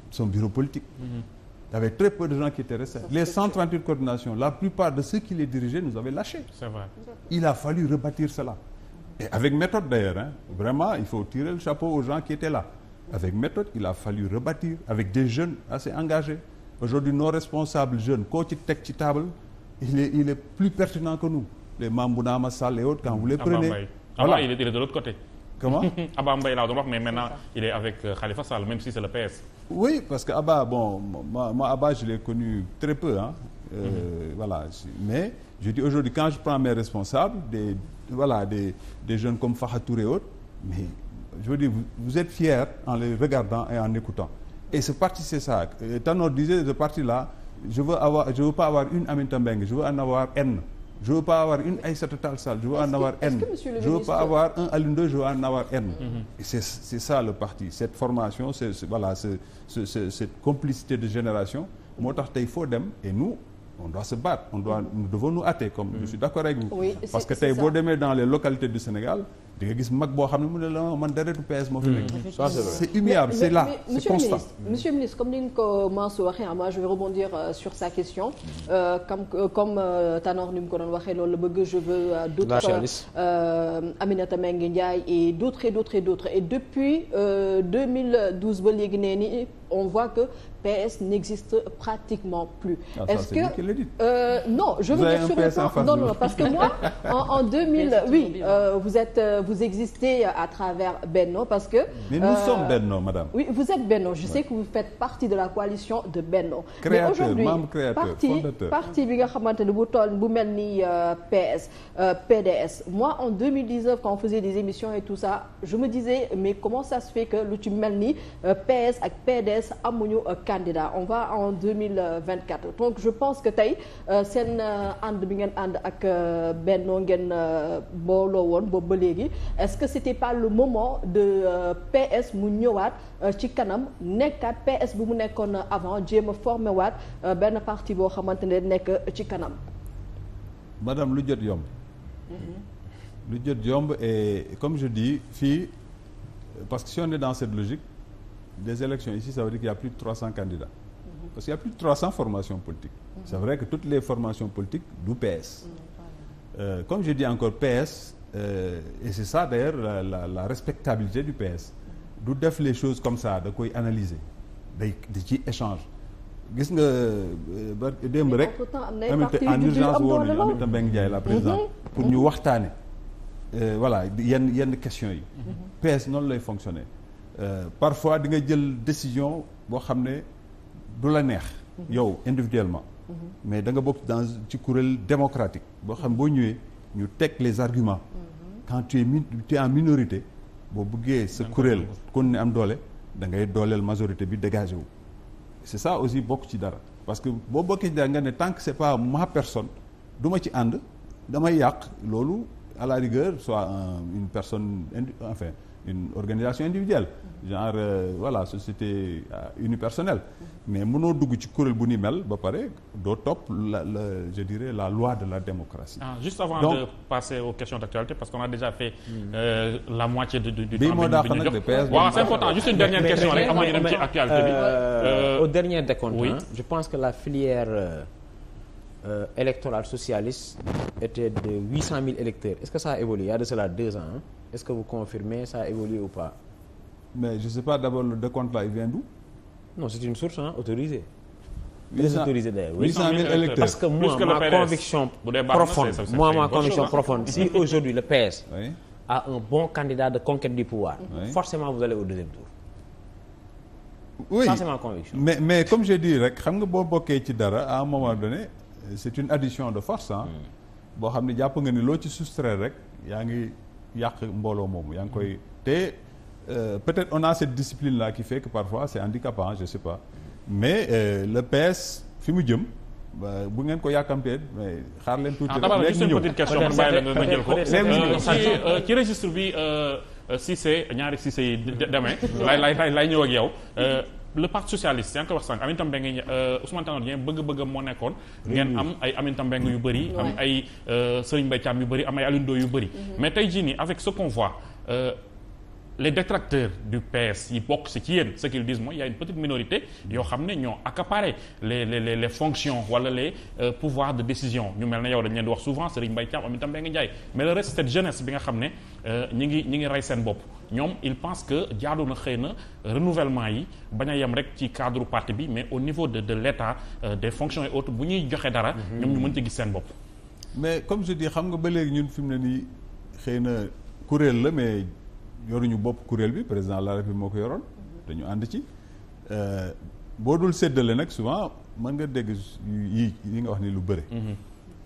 son bureau politique il y avait très peu la plupart de a fallu Et avec méthode d'ailleurs, vraiment, il faut tirer le chapeau aux gens qui étaient là. Avec méthode, il a fallu rebâtir avec des jeunes assez engagés. Aujourd'hui, nos responsables jeunes, coach tech table, il est, il est plus pertinent que nous. Les Mambouna Massal et autres, quand vous les prenez. Avant, voilà. il, était de l'autre côté. Comment Abba [laughs] Mbaye là, mais maintenant, il est avec euh, Khalifa Sall, même si c'est le PS. Oui, parce que Abba, bon, moi, Abba, je connu très peu. Euh, mmh. Mais je dis aujourd'hui, quand je prends mes responsables, des, voilà, des, des jeunes comme Faha Touré mais je veux dire, vous, êtes fiers en les regardant et en écoutant. Et ce parti, c'est ça. Euh, Tanor disait, ce parti-là, je veux avoir, une Aminta Mbengue, je veux en avoir N. Je veux pas avoir une Aïssata Talsal, je veux en avoir que, je veux pas avoir un Alindo, je veux en avoir N. Mhm. C'est ça le parti. Cette formation, c'est voilà, cette complicité de génération. Moi, il faut et nous, on doit se battre on doit nous devons parce que tey boo demee dans les localités du Sénégal di nga gis mag boo xam ne mu ne la oh, man deretu PS moo fi nekk mm-hmm. c'est humiliable c'est là c'est constant comme ni nga ko Mansour waxee ah moi je vais rebondir euh, sur sa question mm-hmm. euh, comme euh, Tanor ni mu ko doon waxee loolu la bëgg je veux d'autres Aminata Mbengue Ndiaye et d'autres et d'autres et d'autres et depuis 2012 ba léegi nee ni on voit que n'existe pratiquement plus. Ah, est euh, parce que moi [laughs] en, en 2000 oui, euh, vous êtes euh, vous existez à travers Benno parce que Mais nous euh, sommes Benno madame. Oui, vous êtes Benno, je ouais. sais que vous faites bi nga xamante ne bu toll bu mel ni euh, PS PDS. Moi en 2019 quand on faisait des émissions et tout ça, je me disais lu ci mel ni PS ak PDS amuñu euh, candidat on va en 2024 donc je pense que tey euh, seen euh, ànd bi ngeen ànd ak Benno ngeen booloo woon boobu ba léegi est-ce que c'était pas le moment de PS mu ñëwaat ci kanam nekkaat PS bu mu nekkoon avant jéem a formé waat benn partie boo xamante ne nekk ci kanam madame lu jot yomb mm-hmm. lu jot yomb et comme je dis fii parce que si on est dans cette logique des élections ici, ça veut dire qu'il y a plus de 300 candidats. Parce qu'il y a plus de 300 formations politiques. C'est vrai que toutes les formations politiques, d'où PS. Euh, comme encore, PS, euh, ça d'ailleurs la, la, la, respectabilité du PS, du def les comme ça, de koy analyser, de, ci échange. gis nga euh, démb rek en urgence woon nañu Aminata Mbengue Ndiaye la présidente mhm. pour ñu waxtaane euh, voilà yenn yenn questions yi mhm. PS noonu lay fonctionner Euh, parfois di nga jël décision boo xam ne du la neex. Mhm. yow individuellement. Mhm. mais da nga bokk dans ci kuréel démocratique boo xam ne boo ñëwee ñu teg les arguments. Mhm. quand tu es minorité boo bëggee sa kuréel kon ne am doole da ngay dooleel majorité bi dégagé wu. c'est ça aussi bokk ci dara parce que boo bokkee ci dara nga ne tant que c'est pas ma personne duma ci ànd damay yàq loolu à la rigueur soit une personne enfin. une organisation individuelle genre euh, voilà société euh, unipersonnelle mais mënoo dugg ci kuréel bu ni mel ba pare doo topp la la je dirais la loi de la démocratie. Ah, juste avant donc, de passer aux questions d'actualité parce qu'on a déjà fait hmm. euh, la moitié du du du temps. bii c'est important juste une dernière question avant ñu dem ci actualité bi. Euh, euh, au décompte. je pense que la filière. euh, électoral socialiste était de 800 000 électeurs. Est-ce que ça a évolué Il y a de cela deux ans. Hein? Est-ce que vous confirmez ça a évolué ou pas Mais je ne pas d'abord le décompte là, il vient d'où Non, c'est une source hein, autorisée. 800, 800 000 Parce que moi, que ma PS, conviction profonde, ça, ça moi, ma conviction profonde, si [laughs] aujourd'hui le PS a un bon candidat de conquête du pouvoir, oui. forcément vous allez au deuxième tour. Oui. Ça, conviction. Mais, mais comme c'est une addition de force ah. boo xam ne jàpp nga ni loo ci soustraire rek yaa ngi yàq mbooloo moomu yaa ngi koy hmm. te euh, peut-être on a cette discipline là qui fait que parfois c'est handicapant je sais pas mais euh, le PS fi mu jëm. bu ngeen ko yàkkamtee mais xaar leen tuuti ah, rek léegi ñu ñëw petite question man bàyyi la ma ko léegi euh, ci registre bi Cissé ñaari Cissé yi demee hmm. lay lay lay ñëw ak yow le parti socialiste yaa ngi koy wax sànq Aminata Mbengue euh, Ousmane Tanor Dieng bëgg-bëgg moo nekkoon ngeen am ay Aminata Mbengue yu bëri am ay euh, Serigne Mbaye Thiam yu bëri am ay Alioune yu bëri mhm. mais tey jii nii avec ce qu'on voit euh, les détracteurs du PS yi bokk si ci yéen ce qu'ils disent mooy y une petite minorité yoo xam ne ñoo accaparé les les les fonctions wala le euh, pouvoirs de décision ñu mel ne yow dañ leen di wax souvent Serigne Mbaye Thiam Aminata Mbengue Ndiaye mais le reste cette jeunesse bi nga xam ne euh, ñi ngi ñi ngi rey seen bopp ñoom il pense que jaadu na xëy na renouvellement yi bañ a yem rek ci cadre parti bi mais au niveau de de l'État euh, des fonctions auto autres bu ñuy joxe dara mhm. ñoom ñu mën ci gis seen bopp mais comme xam nga ba léegi ñun fi mu ne nii xëy na kuréel la mais yoruñu bopp kuréel bi président de la République moo ko yoroon dañu ànd ci euh, boo dul séddale nag souvent man nga dégg yi yi nga wax ni lu bëre mhm.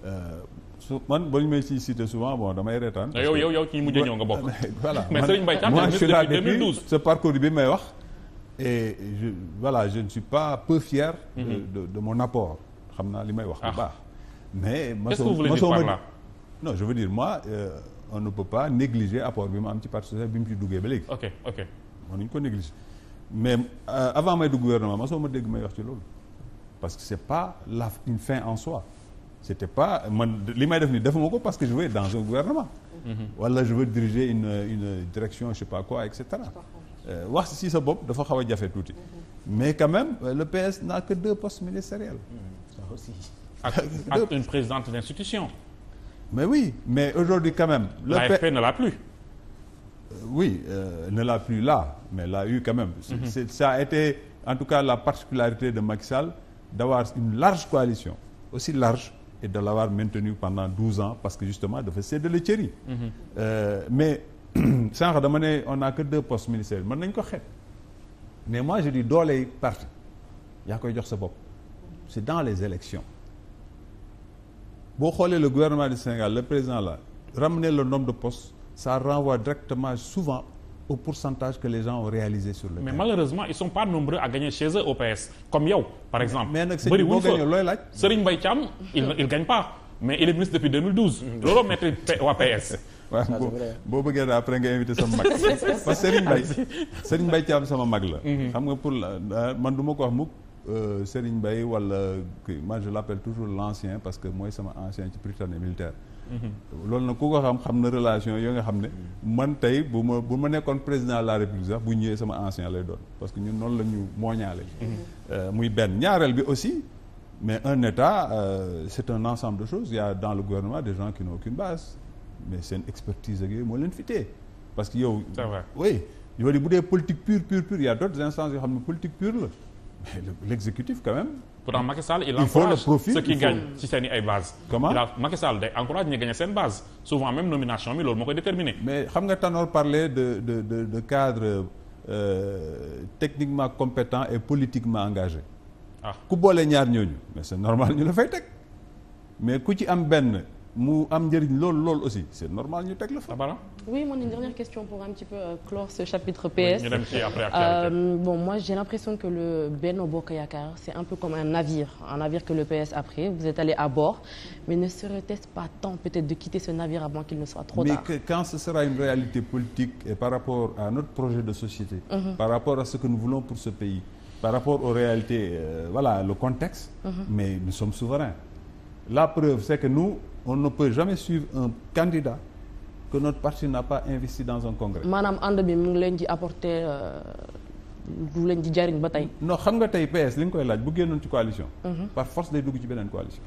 euh, su man ba ñu may ciy cité souvent bon damay reetaan ah, yow yow yow ci mujj ñëw nga bokk [laughs] voilà [laughs] mais Serigne Mbaye moi je suis parcours bi may wax et je voilà je ne suis pas peu fier de, mhm. de, mon apport xam naa li may wax bu ah. baax mais ma soo ma non je veux dire moi euh, on ne peut pas négliger apport bi mu am ci parti social bi mu ci duggee ba léegi. ok ok mënuñ ko négliger mais euh, avant may dugg gouvernement ma soo ma dégg may wax ci loolu parce que c'est pas la une fin en soi c'était pas man li may def ni defuma ko parce que je vais dans un gouvernement. Mhm. wala mm -hmm. voilà, je veux diriger une une direction je quoi et euh, wax si sa bopp dafa xaw a jafe tuuti. Mhm. mais quand même euh, le PS n'a que deux postes ministériels. Mhm. ak une présidente d'institution. mais oui mais aujourd'hui quand même. l'AFP ne l'a plus. Euh, oui euh, ne l'a plus là mais l'a eu quand même. Mm -hmm. c'est ça a été en tout cas la particularité de Macky Sall d'avoir une large coalition aussi large et de l'avoir maintenue pendant douze ans parce que justement dafa séddale cër yi. mais [clears throat] sànq dama ne on n'a que deux postes ministériels mën nañ ko xeet mais moi je dis dooley parti yaa koy jox sa bopp c'est dans les élections boo xoolee le gouvernement du Sénégal le président là ramener le nombre de postes ça renvoie directement souvent au pourcentage que les gens ont réalisé sur le mais terrain. malheureusement ils sont pas nombreux à gagner chez eux comme yow par exemple. mais nag sëñ bi boo gagné looy laaj Serigne Mbaye Thiam il il gagne pas mais il est ministre depuis 2012. Mm. looloo metti waa PS. waaw [laughs] boo boo bëggee daal après nga invité sama mag parce que Serigne Mbaye [laughs] Serigne Mbaye sama mag la. Mm-hmm. xam nga pour euh, man du ko wax Euh, Serigne Mbaye wala kii moi je l' appelle toujours l' ancien parce que mooy sama ancien ci Prytanée militaire. Mhm. loolu nag ku ko xam xam na relation yoo nga xam ne. Mhm. man tey bu ma bu ma nekkoon président la république sax bu ñëwee sama ancien lay doon parce que ñun noonu la ñu mooñaale. Mhm. Euh, muy benn ñaareel bi aussi. mais un état euh, c' un ensemble de choses il a dans le gouvernement des gens qui n'ont aucune base mais seen expertise ak yooyu moo leen fitee parce que yow. ça va oui yow xam ne politique pure l'exécutif quand même. pourtant Macky Sall il encourage ceux qui gagnent ci seen i ay base comment il a Macky Sall day encourage ñu gagné seen base souvent même nomination bi loolu moo koy déterminer. mais xam nga Tanor parler de de de de cadre euh, techniquement compétent et politiquement engagé. ah ku boole ñaar ñooñu mais c'est normal ñu la fay teg mais ku ci am benn. mu am njëriñ lool lool aussi c'est normal ñu teg la fa. Ah, oui mon une dernière question pour un petit peu euh, clore ce chapitre PS. Oui, euh, j'ai l'impression que le Benno Bokk c'est un peu comme un navire que le PS a pris vous êtes allé à bord mais ne serait-il pas temps peut-être de quitter ce navire avant qu'il ne soit trop tard. mais quand ce sera une réalité politique et par rapport à notre projet de société. Mhm. par rapport à ce que La preuve, c'est que nous, on ne peut jamais suivre un candidat que notre parti n'a pas investi dans un congrès. maanaam ànd bi mu ngi leen di apporter euh, du leen di jariñ ba tey. non xam nga tey PS li nga koy laaj bu génnoon ci coalition. Mhm. par force day dugg ci beneen coalition.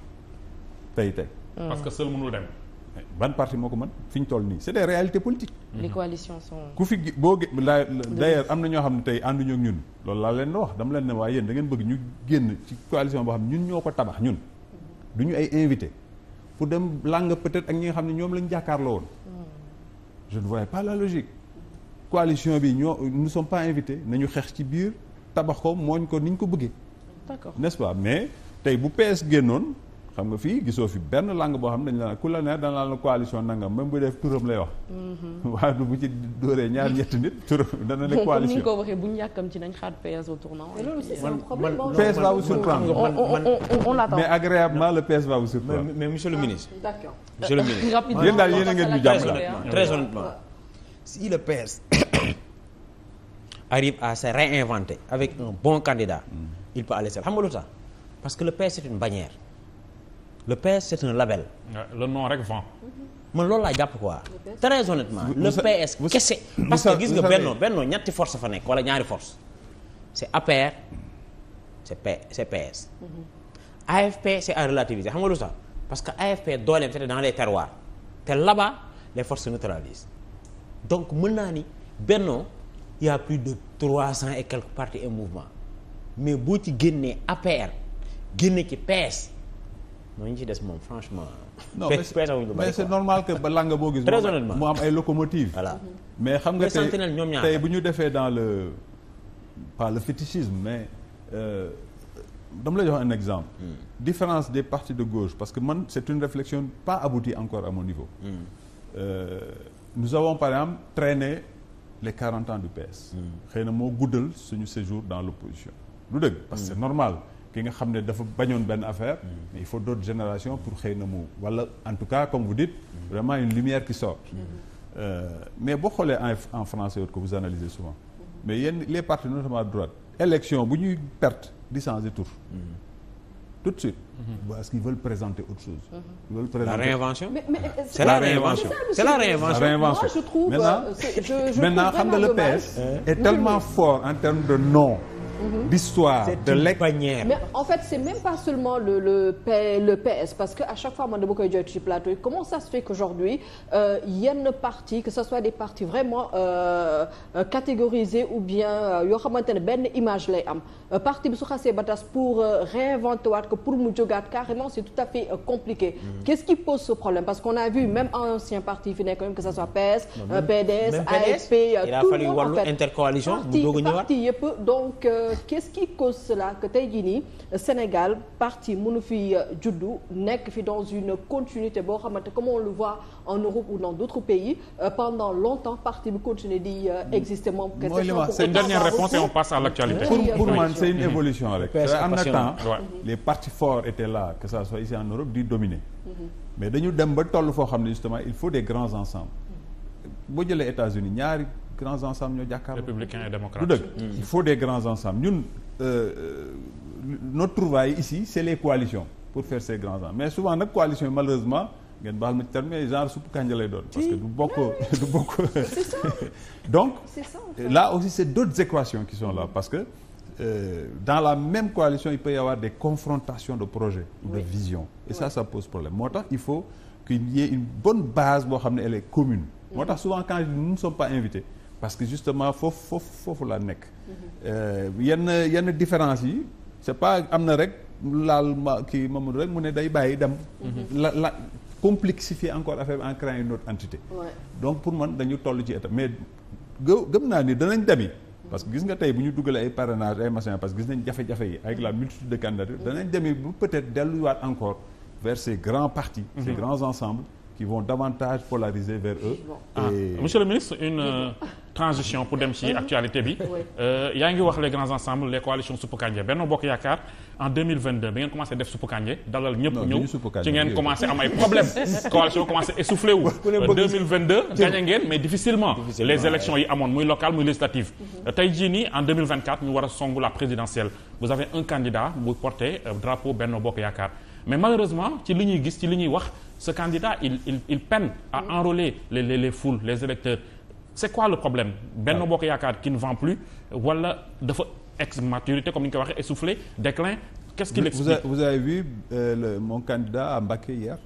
tey tey. Mm. parce que seul mënul dem. ban parti moo ko mën fi ñu toll nii c'est des réalités politiques. les mhm. coalitions sont. ku fi boo gé la d'ailleurs am na ñoo xam ne tey ànduñu ak ñun loolu laa leen di wax dama leen ne waaye yéen da ngeen bëgg ñu ñun ñoo ko tabax ñun. du ñu ay invité fu dem làng peut-être ak ñi nga xam ne ñoom lañ jàkkaarloo woon hmm. je ne voyais pas logique coalition bi ñoo nous sommes pas na ñu xeex ci biir tabax ko mooñ ko ni ñu ko bëggee d'accord n'est-ce pas mais tey bu pees génnoon xam nga fii gisoo fi benn langue boo xam ne dañu la ku la ne dana la coalition nangam même bu def turam lay wax. Mhm. [laughs] waaye bu ci dóoree ñaar ñetti nit turam dana ne. [laughs] coalition mais agréablement le PS va vous mais monsieur ministre. Ah, d'accord ministre. yéen daal yéen a ngeen ñu jàppale. très honnêtement si le PS [coughs] arrive à se réinventer avec un bon candidat. Mm. il peut aller seul xam nga lu tax parce que le PS une bannière. le PS c'est un label. le nom rek vend. man loolu laa jàpp quoi. très honnêtement. le PS kese. parce que gis nga benno benno ñetti force fa nekk wala ñaari force c'est APR c'est P c'est PS. AFP c'est à relativiser xam nga lu sax parce que AFP dooleem c'était dans les terroirs te là-bas les forces se donc mën naa ni benno il y a plus de trois cent et quelques partis et mouvement mais boo ci génnee APR génne ci PS. non ñu ci des moom franchement. non mais mais c'est normal que ba langa boo gis. très honnêtement mu am ay locomotives. voilà mais xam nga tey tey bu ñu defee dans le pas le fétichisme mais euh, dam lay jox un exemple. Hmm. différence des partis de gauche parce que man c'est une réflexion pas aboutie encore à mon niveau. Hmm. Euh, nous avons par exemple traîné les 40 ans du PS. Hmm. xëy na moo guddal suñu séjour dans l'opposition lu dëgg parce que c'est normal. ki nga xam ne dafa bañoon benn affaire mm. mais il faut d'autres générations pour xëy na mu wala en tout cas comme vous dites mm. vraiment une lumière qui sort mm. euh, mais boo xoolee en français que vous analysez souvent mais yenn les partis notamment de droite élection bu ñuy perte di changer tour tout de suite. parce mm-hmm. qu'ils veulent présenter autre chose. Mm-hmm. la réinvention. mais mais ah. euh, c'est la réinvention c'est la réinvention. la réinvention. Euh, xam nga le PS. est tellement fort en de nom. l'histoire mhm. de l'ex mais en fait c'est même pas seulement le PS parce que chaque fois man dama koy jot ci plateau yi comment ça se fait qu'aujourd'hui euh, yenn parti que ce soit des partis vraiment euh, euh catégorisés ou bien euh, yoo xamante ne benn image lay am euh, parti bi su xasee batas pour réinventer waat ko pour mu jógaat carrément c'est tout à fait compliqué mhm. qu'est-ce qui pose ce problème parce qu'on a vu même ancien parti fi nekk même que ça PS PDS AFP tout le qu'est-ce qui cause cela que tey jii nii Sénégal parti mënu fi euh, juddu nekk fi dans une continuité boo xam xamante comme on le voit en Europe ou dans d'autres pays euh, pendant longtemps parti bi continuer di euh, exister moom. mooy li ma réponse et on passe à l'actualité. pour pour man c'est une mmh. évolution rek. am na temps les partis forts étaient là que ça soit ici Europe di dominer. Mmh. mais dañu dem ba toll foo xam ne justement il faut des grands ensembles. boo jëlee États-Unis grands ensembles ñoo jàkkaarloo. républicain et démocrate. du dëgg mm. il faut des grands ensembles ñun euh, euh, notre travail ici c' les coalitions pour faire ces grands ensembles mais souvent nag coalition yi malheureusement ngeen baal ma ci genre suppu kànja lay doon. parce que du bokk ah [laughs] du bokk. [laughs] donc là aussi c' est d' équations qui sont là parce que euh, dans la même coalition il peut y avoir des confrontations de projets ou de vision et ça ça pose problème moo tax il faut qu'il y ait une bonne base boo xam ne elle est commune moo mm. tax souvent quand parce que justement foofu foofu foofu laa nekk. Euh, yenn yenn différence yi c' est pas am na rek laal ma kii Mamadou rek mu ne day bàyyi dem. Mhm. la la complexifier encore affaire en créant une autre entité. Ouais. donc pour man dañu toll ci état mais gëm naa ni danañ demi parce que gis nga tey bu ñu dugalee ay parrainage ay machin parce que gis nañ jafe-jafe yi avec la multitude de candidatures danañ demi bu peut-être delluwaat encore vers ces grands partis mm -hmm. ces mhm. grands ensembles qui vont davantage polariser transition pour dem ci mhm. actualité bi. Euh, yaa ngi wax les grands ensembles les coalitions suppu kànje Benno Bokk Yaakaar en 2022 ngeen commencé def suppu kànje dalal ñëpp ñëw ci ngeen commencé am ay problèmes. [laughs] coalition commencé essoufflé wu. Euh, ngeen mais difficilement. les élections yi amoon muy locale muy législative. Mhm. tey jii nii en ñu war a songu la vous avez un candidat muy porté euh, drapeau Benno Bokk Yaakaar. mais malheureusement ci li ñuy gis ci c'est quoi le problème Benno ah. Bokk Yaakaar qui ne vend plus wala dafa ex maturité comme ni ñu ko waxee essoufflé déclin qu'est-ce qu'il explique vous avez, vu euh, mon candidat à hier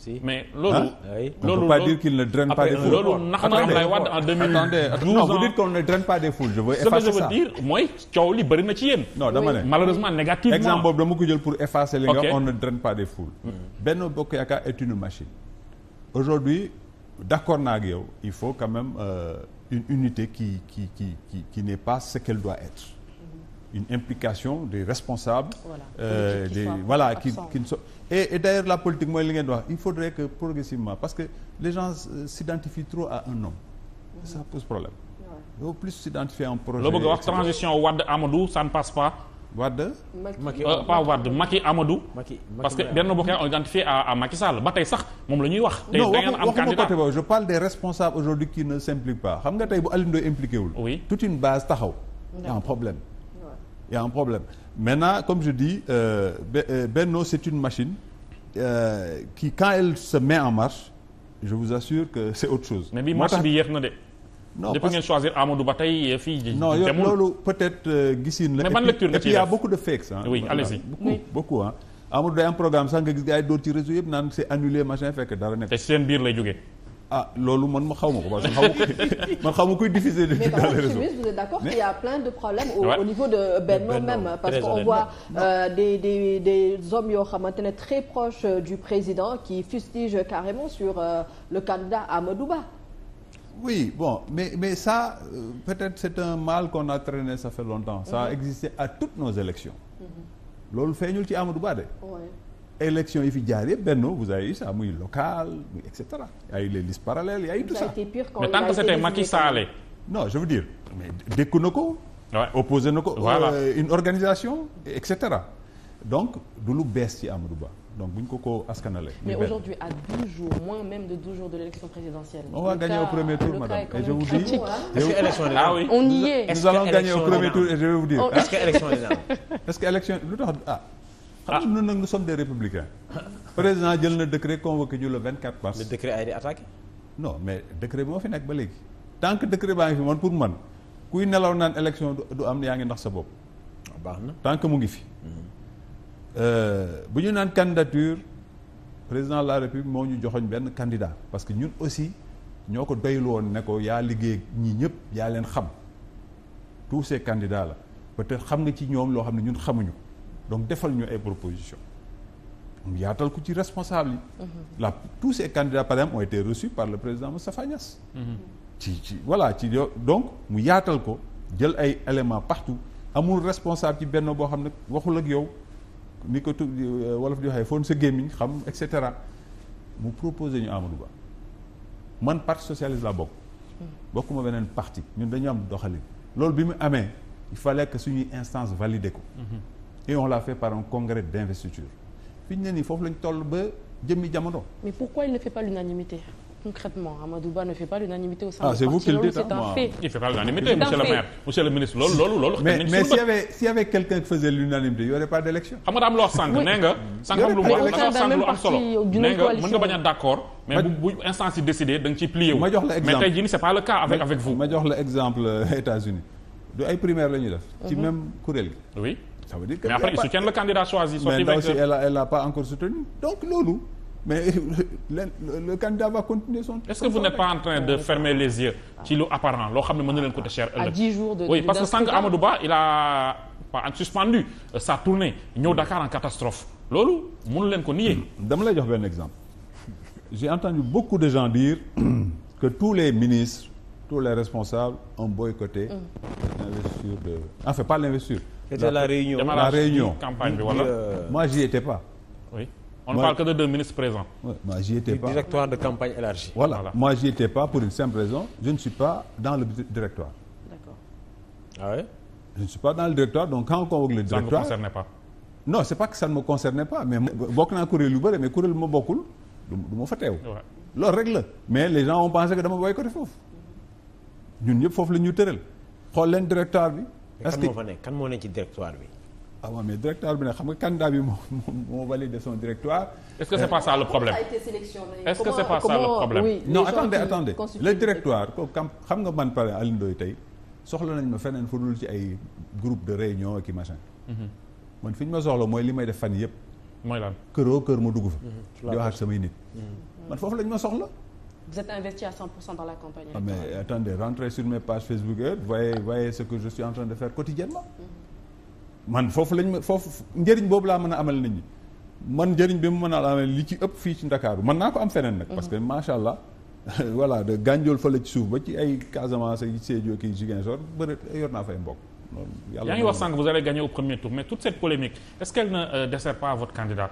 Si. mais loolu. Ah. Oui. on ne peut pas dire qu'il ne draine pas des foules. loolu nax na Abdoulaye Wade en 2012 attendez non vous dites qu'on ne draine pas des foules je veux effacer ce que je veux dire mooy coow li bëri ci yéen. non dama ne malheureusement négativement. exemple boobu dama ko jël pour effacer li nga on ne draine pas des foules. Mm. d'accord naa ak yow il faut quand même euh, une unité qui qui qui qui qui n'est pas ce qu'elle doit être mmh. une implication des responsables voilà, euh, des voilà qui qui ne sont et, et d'ailleurs la politique mooy li ngeen di wax il faudrait que progressivement parce que les gens euh, s'identifient trop à un homme mmh. ça pose problème au plus s'identifier à projet wax transition Wade Amadou ça ne passe pas Wade Macky pas Wade Macky Amadou. parce que Benno Bokk Yaakaar on identifié à à Macky Sall ba tey sax moom la ñuy wax. tey da ngeen am candidat côté boobu je parle des responsables aujourd'hui qui ne s'impliquent pas xam nga tey bu Alioune Ndoye impliqué une base taxaw. y a un problème. y a un problème maintenant comme je dis euh, euh, Benno c'est une machine. Euh, qui quand elle se met en marche je vous assure que c'est autre chose. mais bi bi yéex na de. non depuis ngeen choisir Amadou Ba tey euh, fii. non loolu peut-être euh, gisin la. mais ban lecture nga ciy def a beaucoup de fakes ah. oui allez-y beaucoup beaucoup ah. Amadou day sax nga gis gars yi dóor ci réseau yëpp naan c'est annulé machin fekk dara nekk. te seen biir lay jógee. ah loolu man ma xaw ma ko parce que xaw ma [laughs] man xaw ma koy diffuser. mais par contre Chérif vous êtes d'accord qu'il y a plein de problèmes au, ouais. au niveau de Benno même parce que voit euh, des hommes yoo xamante ne très proches du président qui fustigent carrément sur euh, le candidat Amadou Ba. oui bon mais mais ça euh, peut-être c'est un mal qu'on a traîné ça fait longtemps ça mm à toutes nos élections mhm. loolu feeñul ci Amadou Ba de élections yi fi jaar yëpp benn vous avez eu ça muy local muy et cetera y a eu les listes parallèles tout ça. mais tant que c'était Macky Sall non je veux dire mais dékku na ko opposé na ko euh, une organisation et cetera donc du lu bees ci Amadou Ba donc bu ñu ko ko askanale. mais aujourd'hui à 12 jours moins même de 12 jours de l'élection présidentielle. on va gagner au premier tour que élection ah tour et je vais vous dire. [laughs] lu tax ah. ah xam nga ah. ñun nag nous sommes [laughs] jël na décret convoqué ñu le 24 mars. le décret ay di attaqué. non mais décret bi moo fi nekk ba léegi. tant que décret baa ngi fi man pour man kuy nelaw naan élection du am yaa ngi ndax sa bopp. baax na tant que mu ngi fi. Mm-hmm. Euh, bu ñu naan candidature président la république moo ñu joxoñ benn candidat parce que ñun aussi ñoo ko doylu woon ne ko yaa liggéey ñi ñëpp yaa leen xam tous ces candidats la peut-être xam nga ci ñoom loo xam ne ñun xamuñu donc defal ñu ay propositions mu yaatal ko ci responsable yi. Mm-hmm. la tous ces candidats par exemple ont été reçus par le président Moustapha Niass. Mm-hmm. ci ci voilà ci donc mu yaatal ko jël ay éléments partout amul responsable ci benn boo xam ne waxul ak yow. ni ko tu euh, wolof di waxee foon sa gémmiñ xam et mu proposé ñu Amadou Ba man parti socialiste laa bokk. Hmm. bokkuma beneen parti ñu dañu am doxali loolu bi mu amee il fallait que suñuy instance validé ko. Hmm. et on l'a fait par un congrès d'investiture. fi ne nii foofu lañ toll ba jëmmi jamono. mais pourquoi il ne fait pas l'unanimité concrètement Amadou Ba ne fait pas l'unanimité au sein ah, du parti loolu c'est un ah, fait. il fait pas l'unanimité monsieur le maire monsieur le ministre loolu loolu loolu. mais mais s'il y avait s'il y avait quelqu'un qui faisait l'unanimité il y aurait pas d'élection. xam nga daa am loo wax sànq nee nga. sànq am lu mu wax sànq lu am solo nee nga mën nga bañ a d'accord. mais bu bu instance yi décidé da nga ciy plié wu. ma jox la exemple mais tey jii nii c'est pas le cas avec avec vous. ma jox la exemple euh, États-Unis du ay primaires la ñuy def. ci mhm. même kuréel gi. oui ça veut dire que mais après ils soutiennent le candidat choisi. sorti vainqueur mais ndaw si euh, elle a elle a pas encore soutenu donc loolu mais [laughs] le, le candidat va continuer son. est-ce que vous n'êtes pas en train de fermer les yeux ci lu apparent loo xam ne mën na leen coûter cher ëllëg. à dix jours de oui parce que sànq Amadou Ba il a pas suspendu euh, sa tournée ñëw Dakar en catastrophe loolu mënu leen ko nier. dama lay jox benn exemple [laughs] j'ai entendu beaucoup de gens dire [clears throat] que tous les ministres tous les responsables ont boycotté. Mm. l'investiture de enfin pas l'investiture. c'était la réunion la réunion campagne bi wala. Euh, moi j'y on moi, ne parle que de deux ministres présents. Ouais, moi j'y étais pas. directoire de campagne élargie. Voilà. voilà moi j'y étais pas pour une simple raison je ne suis pas dans le directoire. Ah donc quand on convoque le directoire non c'est pas que ça ne me concernait pas mais bokk naa kuréel yu bëri mais kuréel ma bokkul du ma fa teew. loolu rek la mais les gens ont pensé que dama boycotté foofu ñun ñëpp foofu la ñu tëral xool leen directoire bi. est-ce que kan moo fa nekk kan ci directoire bi. ah mais directoire bi nag xam nga candidat bi moo moo valide son directoire. est ce que c' est euh, pas ça le directoire kooku kam xam nga man pare Alioune tey soxla nañ ma feneen fu dul ci ay groupe de réunion ak i machin. Mhm. man fi ñu ma soxla mooy li may de fan yëpp. mooy lan këroo kër ma dugg fa. Mhm. di wax ak samay nit. Mhm. man foofu lañ ma soxla. Vous êtes investi à 100% ah, Facebook et voyez, voyez ce que je suis de faire quotidiennement. man foofu lañ ma foofu njëriñ boobu laa mën a amal nañ ñi man njëriñ bi mu mën a amal li ci ëpp fii ci Ndakaaru man naa ko am feneen nag. parce que mhm. macha allah [laughs] voilà de gànjool fa la ci suuf ba ci ay Casamance ay Sédhiou kii Ziguinchor bëri yor naa fay mbokk. yàlla yaa ngi wax sànq vous allez gagner au premier tour mais toute cette polémique est-ce qu'elle ne euh, dessert pas votre candidate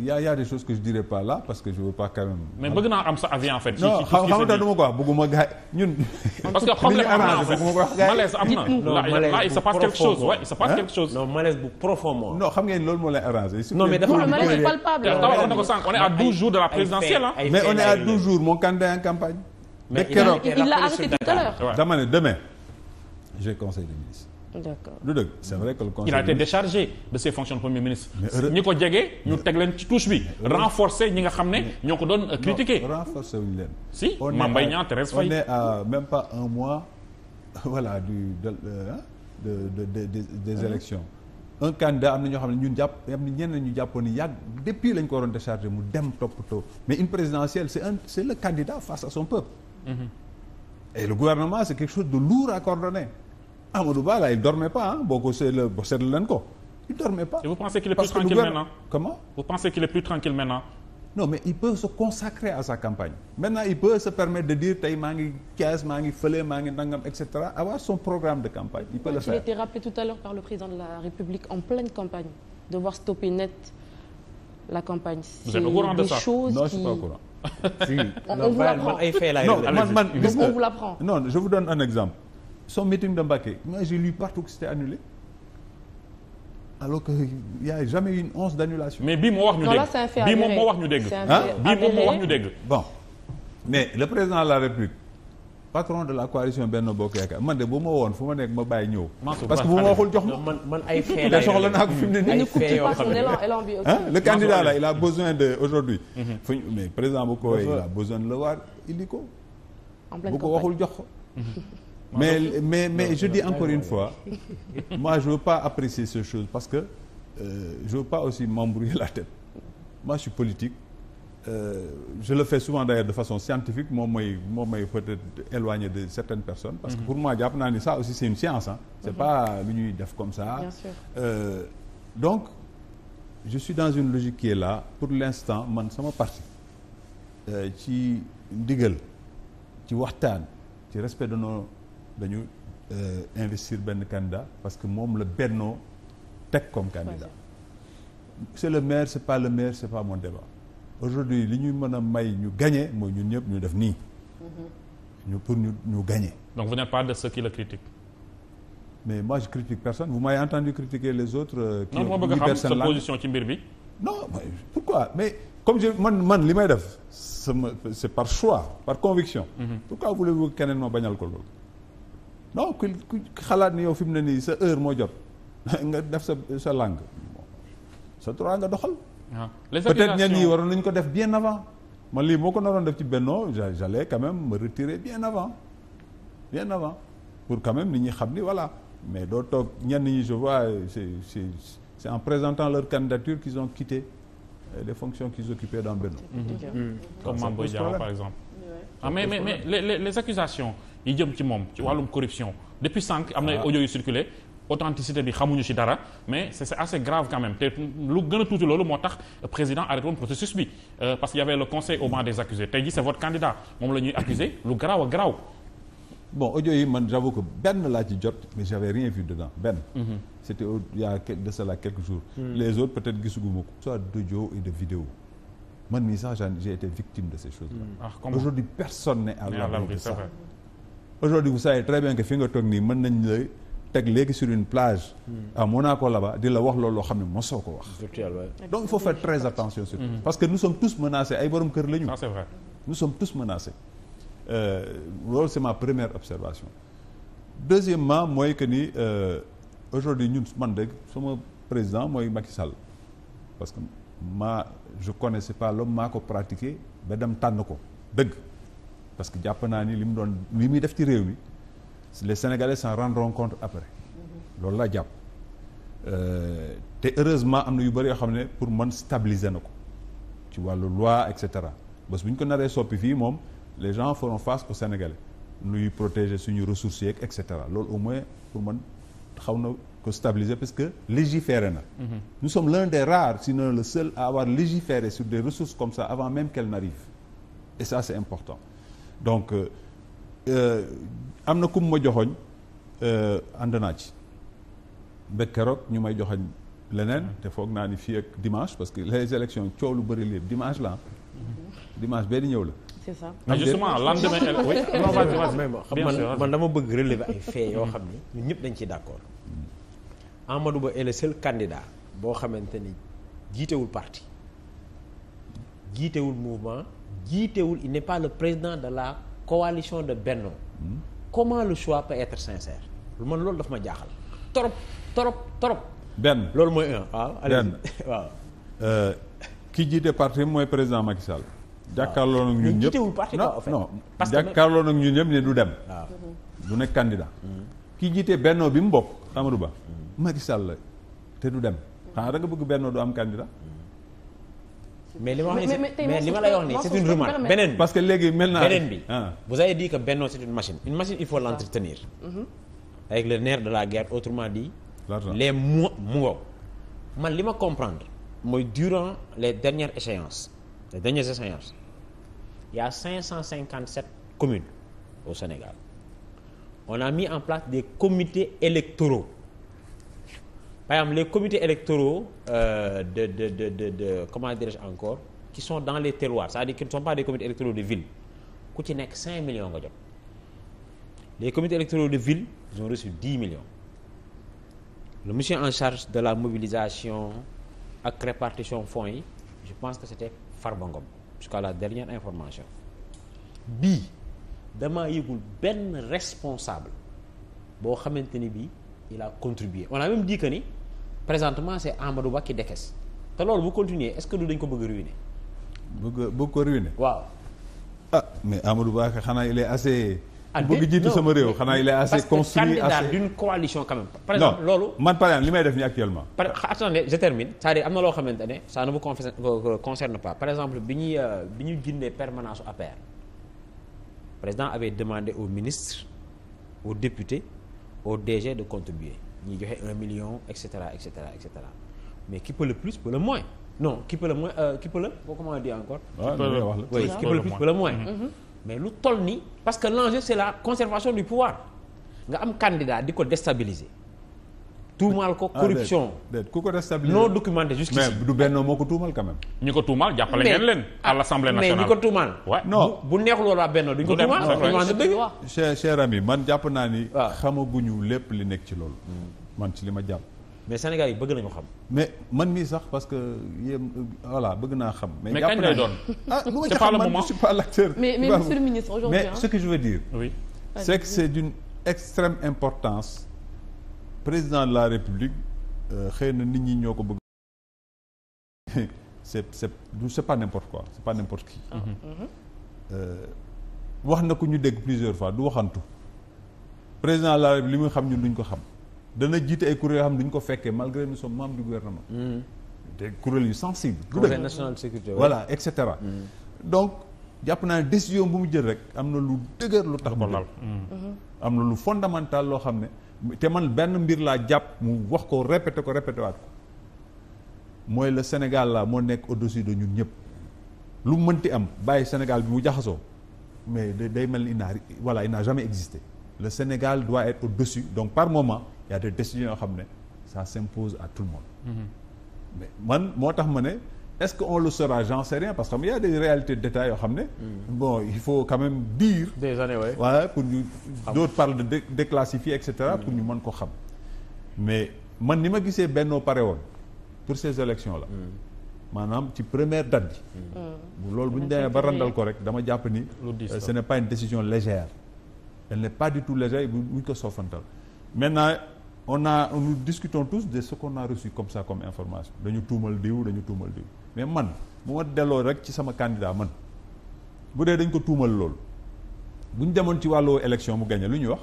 y' a y' a des choses que je dirais pas là parce que je veux pas quand même. mais bëgg naa am sa avis en fait. ci non xam nga du ma ko wax bëgguma gars ñun. parce que problème am na en fait malaise am na. là il se passe quelque chose ouais il se passe quelque chose. non malaise bu profond non xam ngeen loolu moo lay arrangé. non mais dafa am malaise palpable. te ko sànq on est à 12 jours de la présidentielle ah. mais on est à 12 jours mon candidat en campagne. mais il a arrêté tout à l'heure dama ne demain j'ai conseil des ministres. d'accord lu dëgg c'est vrai que le conseil. il a de ses fonctions premier ministre. ñi ko jege ñu teg leen ci touche bi. renforcer ñi nga xam ne ñoo ko doon euh, critiquer. renforcer wuñu leen. si Mame Mbaye Niang Thérèse Faye. on même pas un mois [laughs] voilà du de de de des des élections. un candidat am na ñoo xam ne ñun jàpp am na ñenn ñu jàppoo ni yàgg depuis lañ ko waroon décharger mu dem toppatoo mais une présidentielle c'est un c'est le candidat face à son peuple. Mm-hmm. et le gouvernement Amadou Ba là il dormait pas ah boo ko leen ko il dormait pas. Et vous pensez qu'il est plus tranquille maintenant non mais il peut se consacrer à sa campagne maintenant il peut se permettre de dire tey maa ngi caisse maa ngi fële maa ngi nangam et cetera avoir son programme de campagne. il peut le faire il était rappelé tout à l'heure par le président de la République en pleine campagne devoir stopper net la campagne. vous au courant de choses qui... non vous l'apprend. exemple. son meeting de Mbacké moi j'ai lu partout que c'était annulé alors que y a jamais eu une once d'annulation mais bii moo wax ñu dégg bii moo wax ñu dégg ah, bii moom moo wax ñu dégg bon mais le président de la République patron de la coalition Benno Bokk Yaakaar man de bu ma woon fu ma nekk ma bàyyi ñëw. parce que bu ma waxul jox ma man ay [laughs] fee la soxla naa ko fi mu ne nii. le candidat là il a besoin de aujourd'hui mm-hmm. fu mais président bu ko woowee il a besoin de le voir il dit ko. bu ko waxul jox ko. Mm-hmm. [laughs] mais mais mais je dis encore une fois [laughs] moi je veux pas apprécier ces choses parce que euh, je veux pas aussi m'embrouiller la tête moi suis politique euh, je le fais souvent d'ailleurs de façon scientifique moom mooy moom mooy peut-être éloigné de certaines personnes parce que mhm. pour moi jàpp naa ni ça aussi c'est une science ah c'est mhm. pas lu ñuy def comme ça Bien sûr. Euh, donc je suis dans une logique qui est là pour l'instant man sama parti euh, ci ndigal ci waxtaan ci respect de no dañu euh, investir benn candidat parce que moom la bennoo teg comme candidat c'est le maire c'est pas le maire c'est pas mon débat aujourd'hui li ñuy mën a may ñu gagner mooy ñun ñëpp ñu def nii mm-hmm. ñu pour ñu ñu gagner donc vous n'êtes pas de ceux qui le critiquent mais moi critique personne vous m'avez entendu critiquer les autres euh, qui non ma bëgg a xam sa position ci mbir bi non pourquoi mais comme je man man li may def sama c'est par choix par conviction mm-hmm. pourquoi voulez-vous keneen ma bañal ko loolu non ku xalaat ni yow fi mu ne nii sa heure moo jot nga def sa sa langue sa droit nga doxal. Ah. peut-être ñenn ñi waroon nañu ko def bien avant. man lii moo ko naroon def ci bennoo j'allais quand même me retirer bien avant bien avant pour quand même nit ñi xam ni voilà mais doo toog ñenn ñi je vois c'est c'est c'est en présentant leur candidature qu'ils ont quitté euh, les fonctions qu'ils occupaient dans Benno. Mm -hmm. mm. comme Mame Boye Diao par exemple. ah mais mais mais les les accusations yi jëm ci moom ci wàllum corruption depuis sànq am na ah. audio yu circulé authenticité bi xamuñu ci dara mais c'est assez grave quand même te lu gën tuuti loolu moo tax président arrêté woon processus bi euh, parce moom la ñuy accusé lu garaaw a bon audio yi man j'avoue que benn laa ci jot mais j'avais rien vu dedans benn mhm. c'était il y de cela quelques jours mm. les autres peut gisuguma ko soit d'audio et de vidéo man mii sax j'ai été victime de ces choses mm. ah, aujourd'hui vous savez très bien que fi nga toog nii mën nañ la teg léegi sur une plage hmm. à naa là-bas di la wax loolu loo xam ne mosoo ko wax donc il faut faire très attention surtout mm -hmm. parce que nous sommes tous menacés ay borom kër la ñu c'est vrai nous sommes tous menacés euh, loolu euh, c'est ma première observation deuxièmement mooy que ni euh, aujourd'hui ñun man de sama président mooy Macky Sall parce que ma je connaissais pas l'homme maa ko pratiqué ba dem tànn ko dëgg parce que jàpp naa ni li mu doon li muy def ci réew mi les sénégalais s'en rendront compte après loolu laa jàpp euh, te heureusement am na yu bëri yoo xam ne pour man stabiliser na ko ci wàllu loi et cetera bés bu ñu ko naree soppi fii moom les gens feront face aux sénégalais nuy protéger suñu ressources yeeg et cetera loolu au moins pour man xaw na ko stabiliser parce que légiféré na. Mhm. nous sommes l'un des si noonu le seul à avoir légiféré sur des ressources comme ça avant même qu'elles n'arrivent et important. donc euh, euh, am na kum ma joxoñ euh, ànd naa ci ba keroog ñu may joxoñ leneen te foog naa ni fii ak dimanche parce que les élections coow lu bëri lépp dimanche la dimanche bee di ñëw la. c'est ça mais justement lendemain oui. [laughs] man man dama bëgg relever ay faits yoo xam ni ñun ñëpp dañ ciy d'accord mm. Amadou Ba est le boo xamante ni jiitewul parti jiitewul mouvement. jiitewul il n'est pas le président de la coalition de Benno comment le choix peut être sincère man loolu daf ma jaaxal trop trop trop benn loolu mooy un ah, [laughs] waaw euh, ki jiite parti mooy président Macky Sall ah. jàkkaarloo nag ñun ñëpp non jàkkaarloo nag ñun ñëpp ne du dem ah. du nekk candidat mm. ki jiite Benno bi mu bokk Amadou Ba Macky la te du dem mm. xanaa da nga bëgg Benno du am candidat mm. mais li ma wax nii mais li ma lay wax nii c'est une rumeur beneen bi parce que léegi mel naa beneen bi ah. vous avez dit que Benno c'est une machine une machine il faut l'entretenir mm-hmm. avec le nerf de la guerre autrement dit les mots mu ngaw man li ma comprendre mooy durant les dernières échéances les dernières échéances il y a 557 communes au Sénégal on a mis en place des comités électoraux par exemple les comités électoraux euh, de de de de de comment dirais encore qui sont dans les terroirs c'est-à-dire qui ne pas des comités électoraux de ville ku ci nekk 5 millions nga jot les comités électoraux de ville ils ont reçu millions le monsieur en charge de la mobilisation ak répartition fonds yi je pense que c'était Farba Ngom jusqu'à la dernière information bii damaa yëgul benn responsable boo xamante ni bii il a contribué on a même ni présentement c'est Amadou Ba qui décaisse te loolu bu continuer est-ce que du dañ ko bëgg a bëgg bëgg ko ruiner. waaw. ah mais Amadou Ba xanaa il est assez. ah bëgg jiitu sama réew xanaa il est assez construit assez d'une coalition quand par exemple loolu man par exemple li may def nii actuellement. par attendez je termine. cest à am na loo xamante ne ça ne vous euh, euh, concerne pas par exemple bi ñuy euh, bi ñuy génnee permanence su APR président avait demandé au ministre aux députés au DG de contribuer. ñi joxe un million et cetera et cetera mais qui peut le plus peut le moins non qui la le moins euh, qui ko le comment on dit encore. Ouais, qui peut le, oui, oui, qui peut plus peut le moins. Mhm. mais lu toll ni parce que l'enjeu c'est la conservation du pouvoir nga am candidat di ko déstabiliser. tuumaal ko ah, corruption. ku ko déstabiliser non documenté jusqu'ici. mais du Benno moo ko tuumal quand même. ñi ko tuumaal jàppale ngeen leen. Ah, à l'Assemblée nationale mais ñi ko tuumaal. non bu neexul woon waa Benno duñ tuumaal. du cher ami man jàpp naa ni. Ah. xamaguñu lépp li nekk ci loolu. man ci li ma jàpp. mais Sénégal yi bëgg nañu xam. mais man mii sax parce que yéen voilà bëgg naa xam. mais kañ lay doon [laughs] ah lu ma ci xam man je suis pas l'acteur. mais mais monsieur le ministre ce que je veux dire. oui que c'est d'une extrême importance président la république euh, xëy na nit ñi ñoo ko bëgg c'est c'est c'est pas n'importe quoi ah. mm-hmm. Mm-hmm. Euh, wax na ko ñu dégg plusieurs fois du waxantu président la république li mu xam ñun duñ ko xam dana jiite ay kuréel yoo xam duñ ko fekkee malgré nous sommes membres du gouvernement te mm-hmm. kuréel yu sensible conseil sécurité voilà et cetera donc jàpp naa ne décision bu mu jël rek am na lu dëgër lu tax mu am na lu fondamental loo xam ne te man benn mbir laa jàpp mu wax ko répété ko répété waat ko mooy le Sénégal la moo nekk au-dessus de ñun ñëpp lu mu mënti am bàyyi Sénégal bi mu jaxasoo mais day mel ni il n'a voilà il n'a jamais existé le Sénégal doit être au-dessus donc par moment il y a des yoo xam ne ça s'impose à tout le monde. Mm-hmm. mais man moo tax ma ne. est-ce que on le saura j'en sais rien parce que xam y a détail yoo xam ne. bon il faut quand même dire. des pour ñu ah d'autres parlent de dé déclassifier et pour ñu man ko xam mais man ni ma gisee benno pare woon pour ces élections là. Hmm. maanaam ci première date hmm. loolu bu ñu demee ba randal ko rek dama jàpp ni. Euh, ce n'est pas une décision légère. elle n'est pas du tout légère bu ñu ko soofantal maintenant. on a nous discutons tous de ce a reçu comme ça comme information dañu tuumal diw dañu tuumal diw mais man bu ma delloo rek ci sama candidat man bu dee dañ ko tuumal loolu buñ ñu demoon ci wàllu élection mu gagné lu ñuy wax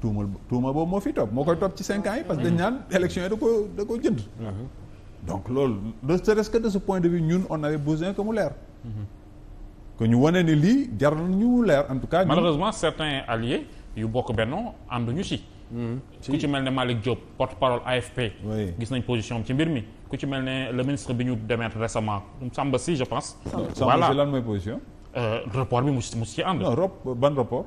tuumal tuuma boobu moo fi topp moo koy topp ci cinq ans yi parce que dañ naan élection yi da ko da ko jënd donc loolu ne serait-ce que de point de vue ñun on avait besoin que mu leer que ñu wane ni lii jar nañu mu leer en tout cas malheureusement certains alliés yu bokk Benno ñu si hmm. ku ci mel ne Malick Diop porte-parole AFP gis nañ position ci mbir mi ku ci mel ne le ministre bi ñu demeet récemment Samba Sy je pense. Samba Sy lan mooy position. Euh, rapport bi mu si mu si rop ban rapport.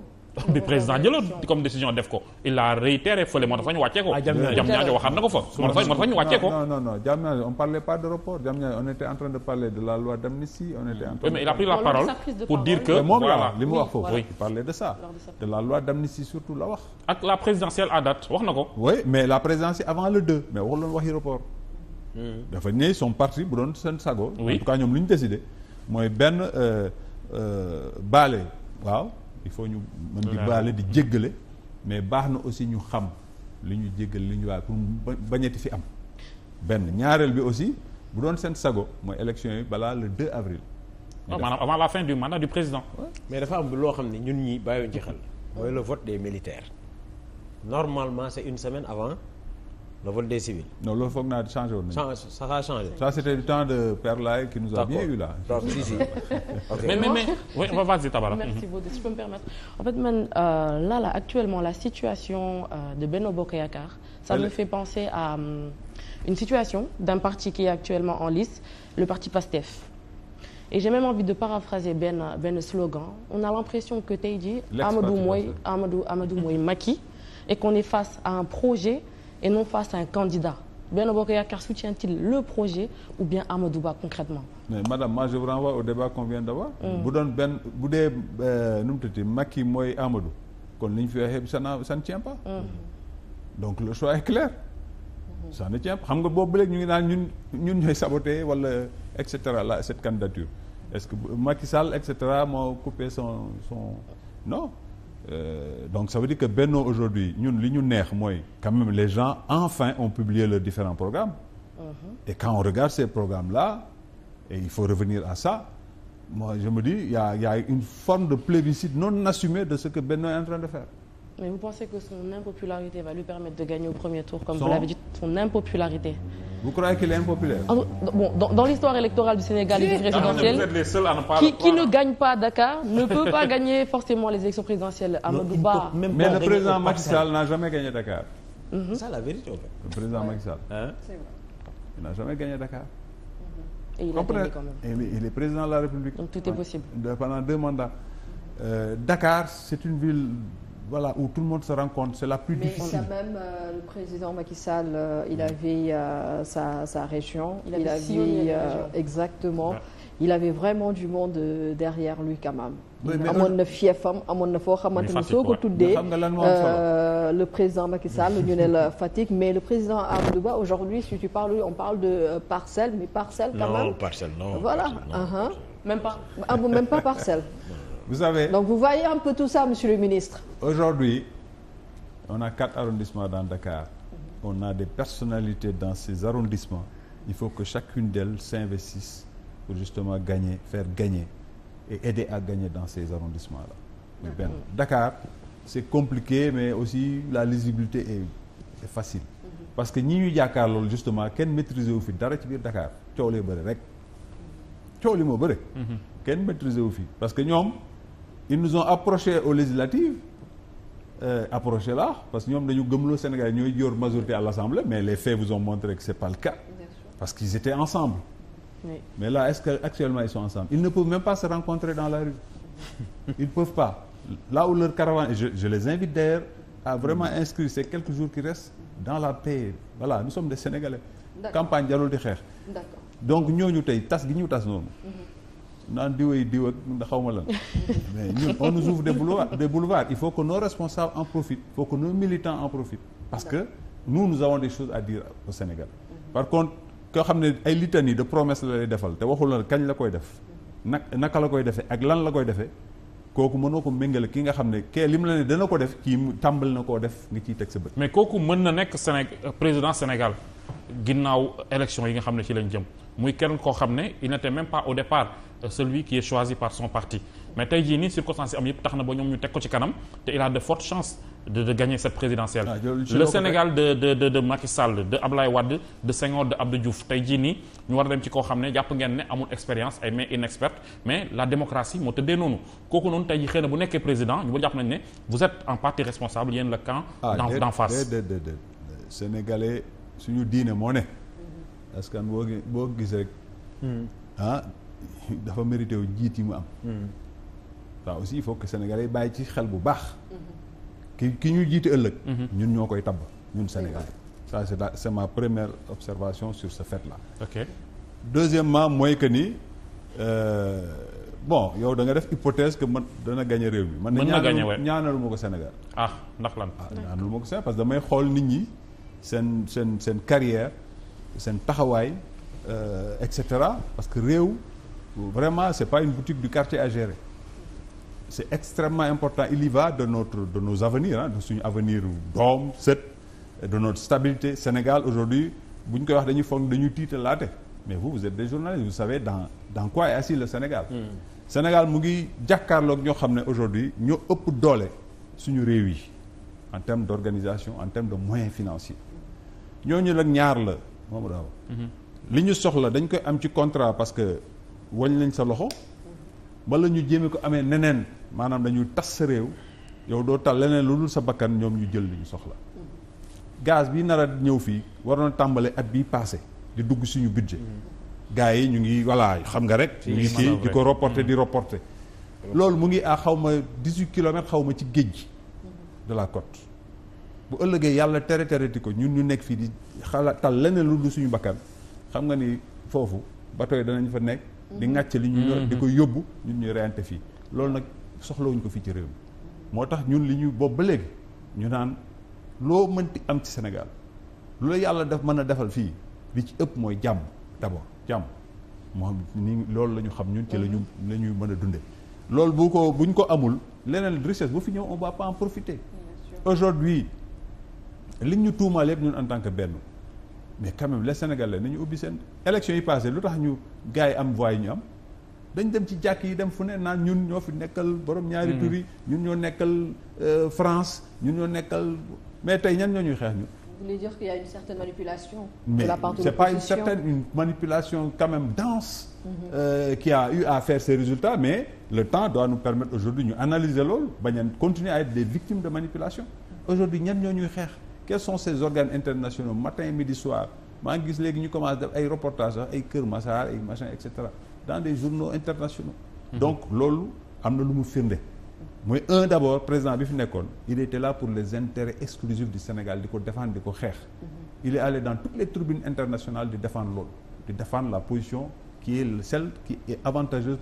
bi président jëloon comme décision def ko il a réitéré fële moo ñu wàccee ko. ah jam ñaajo waxaat na ko fa. moo ñu wàccee ko non non non jam ñaajo on parlait pas de rapport jam ñaajo on était en train de parler de la loi d'amnistie on était en train. oui mais il a pris la parole pour dire que. moom la li mu wax foofu. oui dafa ne son parti bu doon seen sago. en tout cas ñoom lu ñu décidé mooy benn euh, euh, baale waaw il faut ñu mën di baale di jéggale mais baax na aussi ñu xam lu ñu jéggale li ñu waay pour bañeti fi am benn ñaareel bi aussi bu doon seen sago mooy élection yi balaa le 2 avril non oh, maanaam la fin du mandat du président. mais dafa am loo xam ne ñun ñi bàyyiwuñ ci xel. mooy le vote des militaires. normalement c'est une semaine avant. le vol des civils. non loolu foog naa changé woon nañu. ça a changé. ça c' était du temps de Père Laye qui nous a bien eu là. d' accord si si. [laughs] ok mais mais mais oui, vas-y Tabara. merci mhm. beaucoup si je peux me permettre en fait man euh, là là actuellement la situation euh, de Benno Bokk Yakaar. ça Elle... me fait penser à um, une situation d'un parti qui est actuellement en lice le parti PASTEF. et j'ai même envie de paraphraser benn benn slogan on a l'impression que tey jii. Amadou mooy Amadou Amadou mooy Macky et qu'on est face à un projet. et non face à un candidat Benno Bokk Yaakaar soutient-il le projet ou bien Amadou Ba concrètement mais madame moi je vous renvoie au débat qu'on vient mm. bu doon benn bu dee euh, nu mu tuddati Macky mooy Amadou kon li ñu fi waxee sana na ça mm. donc le choix est clair mm-hmm. ça ne tient xam nga boobu léegi ñu ngi naan ñun ñun ñooy saboté wala et cetera la cette candidature est-ce que Macky Sall et cetera moo coupé son son non Euh, donc ça veut dire que Benno aujourd'hui ñun li ñu neex mooy quand même les gens enfin ont publié leurs différents programmes uh-huh. et quand on regarde ces programmes là et il faut revenir à ça moi je me dis il y a, il y a une forme de plébiscite non assumée de ce que Benno est en train de faire Mais vous pensez que son impopularité va lui permettre de gagner au premier tour, comme vous l'avez dit, son impopularité Vous croyez qu'il est impopulaire ah, Dans, l'histoire électorale du Sénégal et du présidentiel, qui, ne gagne pas Dakar ne [laughs] peut pas gagner forcément les élections présidentielles à Madouba. Mais le président Le président ouais. n'a jamais gagné Dakar. Et il, a gagné quand président de la République. Donc tout est possible. Pendant deux mandats. Euh, Dakar, c'est une voilà où tout le monde se rend compte c'est la plus mais difficile. mais quand même euh, le président Macky Sall euh, il mm. avait euh, sa sa région. il avait, il avait euh, exactement. Ouais. il avait vraiment du monde euh, derrière lui quand même. amoon na fiefam amoon na foo xamante ni soo ko tuddee euh, le président Macky Sall ñu ne la Fatick mais le président Amadou Ba aujourd'hui si tu parles on parle de parcelle mais parcelle. quand non, même parcelle non voilà. Parcelle, non, uh -huh. même pas ah, même pas parcelle. vous savez donc vous voyez un peu tout ça monsieur le ministre. aujourd'hui on a quatre arrondissements dans Dakar. on a des personnalités dans ces arrondissements il faut que chacune d'elles s'investisse pour justement gagner faire gagner et aider à gagner dans ces arrondissements là. muy benn Dakar c'est compliqué mais aussi la lisibilité est, est facile. parce que ñi ñu jàkkaar loolu justement kenn maîtriser wu fii dara ci biir Dakar coow lee bëri rek ils nous ont approché aux législatives euh, approché la parce que ñoom dañu gëmloo Sénégal ñooy joor majorité à l'Assemblée mais les faits vous ont montré que c'est pas le cas parce qu'ils étaient ensemble mais là est-ce que actuellement ils sont ensemble ils ne peuvent même pas se rencontrer dans la rue [laughs] ils ne peuvent pas là où leur caravane je, je les invite d'ailleurs à vraiment mm. inscrire ces quelques jours qui restent dans la paix voilà nous sommes des campagne jarul di xeex donc ñooñu tey tas gi ñu tas naan diw yi diw ak xaw ma lan [laughs] mais ñun on nous ouvre des boulevards des boulevards il faut que nos responsables en profitent il faut que nos militants en profitent parce que nous nous avons des choses à dire au Sénégal mhm. par contre koo xam ne ay litanie de promesse la lay defal te waxul la kañ la koy def nak naka la koy defee ak lan la koy defee kooku mënoo ko méngale ki nga xam ne kee lim la ne dana ko def kii tàmbali na koo def nga ciy teg sa bët mais kooku mën na nekk Séné président Sénégal ginnaaw élection yi nga xam ne ci lañ jëm muy kenn koo xam ne il n'était même pas au départ Euh, celui qui est choisi par son parti mais tey jii nii circonstances yi am yëpp tax na ba ñoom ñu teg ko ci kanam te il a de fortes chances de de gagner présidentielle. Ah, le Sénégal de de de de Macky Sall de Ablaye de Senghor de Abdou tey jii nii ñu war dem ci koo xam ne jàpp ngeen ne amul expérience ay mais inexperte mais la démocratie moo tëddee noonu kooku noonu tey jii xëy bu nekkee président ñu ba jàpp nañ ne vous êtes en partie responsable [laughs] dafa mérité wu jiit yi mu am. ça hmm. aussi il faut que Sénégalais bàyyi ci xel bu baax. Hmm. ki ki ñu jiite ëllëg. Hmm. ñun ñoo koy tab ñun Sénégalais. ça c'est la c'est ma première observation sur ce fait-là. ok deuxièmement mooy que ni euh, bon yow da nga def hypothèse que man dana gagné réew mi. mën na gagné man ñaanalu ma ko Sénégal. Ah, ndax lan. ah ñaanalu ma ko Sénégal parce que damay xool nit ñi seen seen seen carrière seen taxawaay euh, et cetera parce que réew. vraiment c'est pas une boutique du quartier à c'est extrêmement important il y de notre de nos avenirs ah de suñu avenir doom sët de notre stabilité Sénégal aujourd'hui bu ñu koy wax dañuy foog dañuy tiitalaate mais vous vous êtes des journalistes vous savez dans dans quoi est assis le Sénégal hmm. Sénégal mu ngi jàkkaarlook ñoo xam ne aujourd'hui ñoo ëpp doole suñu réew yi en termes d'organisation en termes de moyens financiers ñooñu nag ñaar la moom hmm. li ñu soxla dañ wañ lañ sa loxo bala ñu jéeme ko amee neneen maanaam dañuy tas sa réew yow doo tal leneen lu dul sa bakkan ñoom ñu jël li ñu soxla gaz bi nar a ñëw fii waroon tàmbale at bii passé di dugg suñu budget gars yi ñu ngi voilà xam nga rek ñu ngi kii di ko reporté di reporté loolu mu ngi à xaw ma dix-huit kilomètres xaw ma ci géej gi de la côte bu ëllëgee yàlla tere tereti ko ñun ñu nekk fii di xalaat tal leneen lu dul suñu bakkan xam nga ni foofu ba yi danañ fa nekk di ŋàcc li ñu yor di ko mm-hmm. yóbbu ñun ñuy reyante fii loolu nag soxlawuñ ko fii ci réew mi moo tax ñun li ñu boobu ba léegi ñu naan loo mënti am ci Sénégal lu la yàlla def mën a defal fii li ci ëpp mooy jàmm d'abord jàmm moo xam ni loolu lañu xam ñun ci la ñu mm-hmm. la ñuy mën a dunde loolu bu ko buñ ko amul leneen richesse bu fi ñëw on va profité en profiter aujourd'hui li ñu tuumaal yëpp ñun en tant que benn mais quand même les Sénégalais nañu ubbi seen élection yi passé lu tax ñu gars yi am voix ñu am dañ dem ci jàkk yi dem fu ne naan ñun ñoo fi nekkal borom ñaari hmm. tur yi ñun ñoo nekkal euh, France ñun ñoo nekkal mais tey ñan ñoo ñuy xeex ñu Vous voulez dire qu'il a une certaine manipulation mais de la une certaine une manipulation quand même dense mm -hmm. qui a eu à faire ces résultats mais le temps doit nous permettre aujourd'hui ñu analyser loolu bañ a continuer à être des victimes de manipulation aujourd'hui ñenn ñoo ñuy xeex quels sont ces organes internationaux matin di soir maa ngi gis léegi ñu commence def ay reportages sax ay Kër Massar ay machin et cetera dans des journaux internationaux mhm. donc loolu am na lu mu firnde mooy un d'abord président bi fi nekkoon il te là pour les intérêts exclusifs du Sénégal di ko défendre di ko xeex mhm. il est allé dans toutes les tribunes internationales di défendre loolu di défendre la position qui est celle qui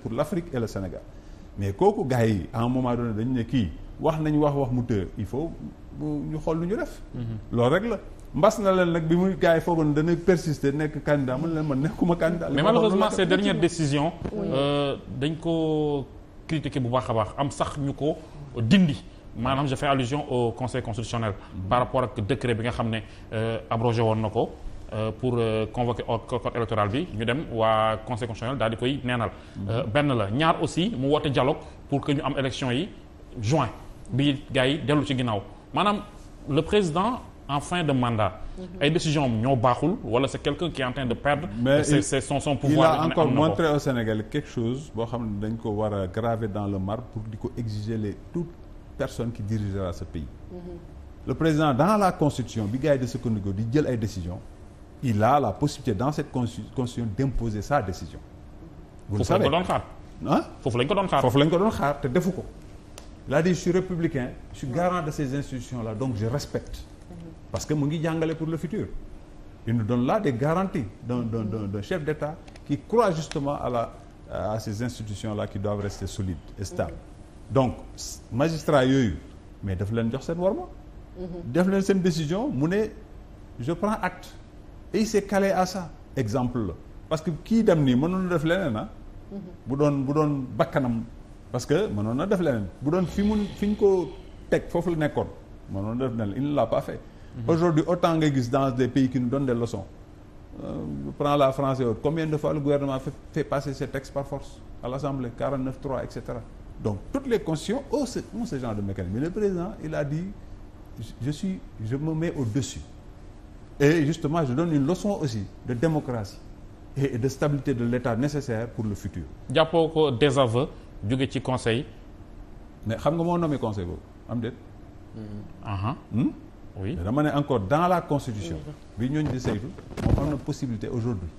pour l'Afrique et le Sénégal mais kooku gars yi à un moment donné dañu kii wax nañ wax wax mu tër il faut bu ñu xool lu ñu def. Mhm. loolu rek la mbas na leen nag bi muy gars yi foogoon dana persister nekk candidat mën leen man nekkuma candidat. mais malheureusement ces dernières décisions. Euh, dañ ko critiquer bu baax a baax am sax ñu ko dindi. maanaam je fais allusion au conseil constitutionnel. par rapport ak décret bi nga xam ne euh, abrogé woon na ko. Euh, pour convoquer code électoral bi ñu dem waa conseil constitutionnel daal di koy neenal. Mhm. benn la ñaar aussi mu woote dialogue pour que ñu am élection yi juin bi gars yi dellu ci ginnaaw. maanaam le président en fin de mandat. Mhm. ay décision am ñoo baaxul wala c'est quelqu'un qui est de perdre. mais c'est c'est son son pouvoir. il a encore montré au Sénégal quelque chose boo xam ne dañ ko war a graver dans le mar pour di ko exiger le toute personne qui dirigera ce pays. Mhm. le président dans la constitution bi gars yi di sukkandiku di jël ay décisions. il a la possibilité dans cette constitution d'imposer sa décision. vous le savez foofu lañ ko doon xaar. ah foofu lañ ko doon xaar. xaar te defu ko. il di su je suis républicain je suis garant de ces institutions là donc je respecte parce que mu ngi jàngale pour le futur il nous donne là des garanties don d'un d'un chef d'État qui croit justement à la à ces institutions là qui doivent rester solides et stables donc magistrat yooyu mais daf leen jox seen warma def leen seen décision mu ne je prends acte et il s'est à sa exemple la parce que kii dem nii mënoon def leneen ah mhm. bu doon bu doon bakkanam parce que mënoon na def leneen bu doon fi mu fi ñu ko teg foofu la nekkoon mënoon na def leneen il ne l'a pas fait. Mhm. aujourd'hui autant ngay gis dans des pays qui nous donnent des leçons. Euh, prends la France et autres combien de fois le gouvernement fait, fait passer ces textes par force à l'Assemblée 49-3 et cetera donc toutes les constitutions ont oh, ce, ont oh, ce genre de mécanisme mais le président il a dit je suis je me mets au-dessus et justement je donne une leçon aussi de démocratie et de stabilité de nécessaire pour le futur jàppoo ko désaveu jóge ci conseil. mais xam nga moo nommé conseil boobu am déet. Hmm? oui dama ne encore dans la constitution. bi ñooñ di saytu moom am na possibilité aujourd'hui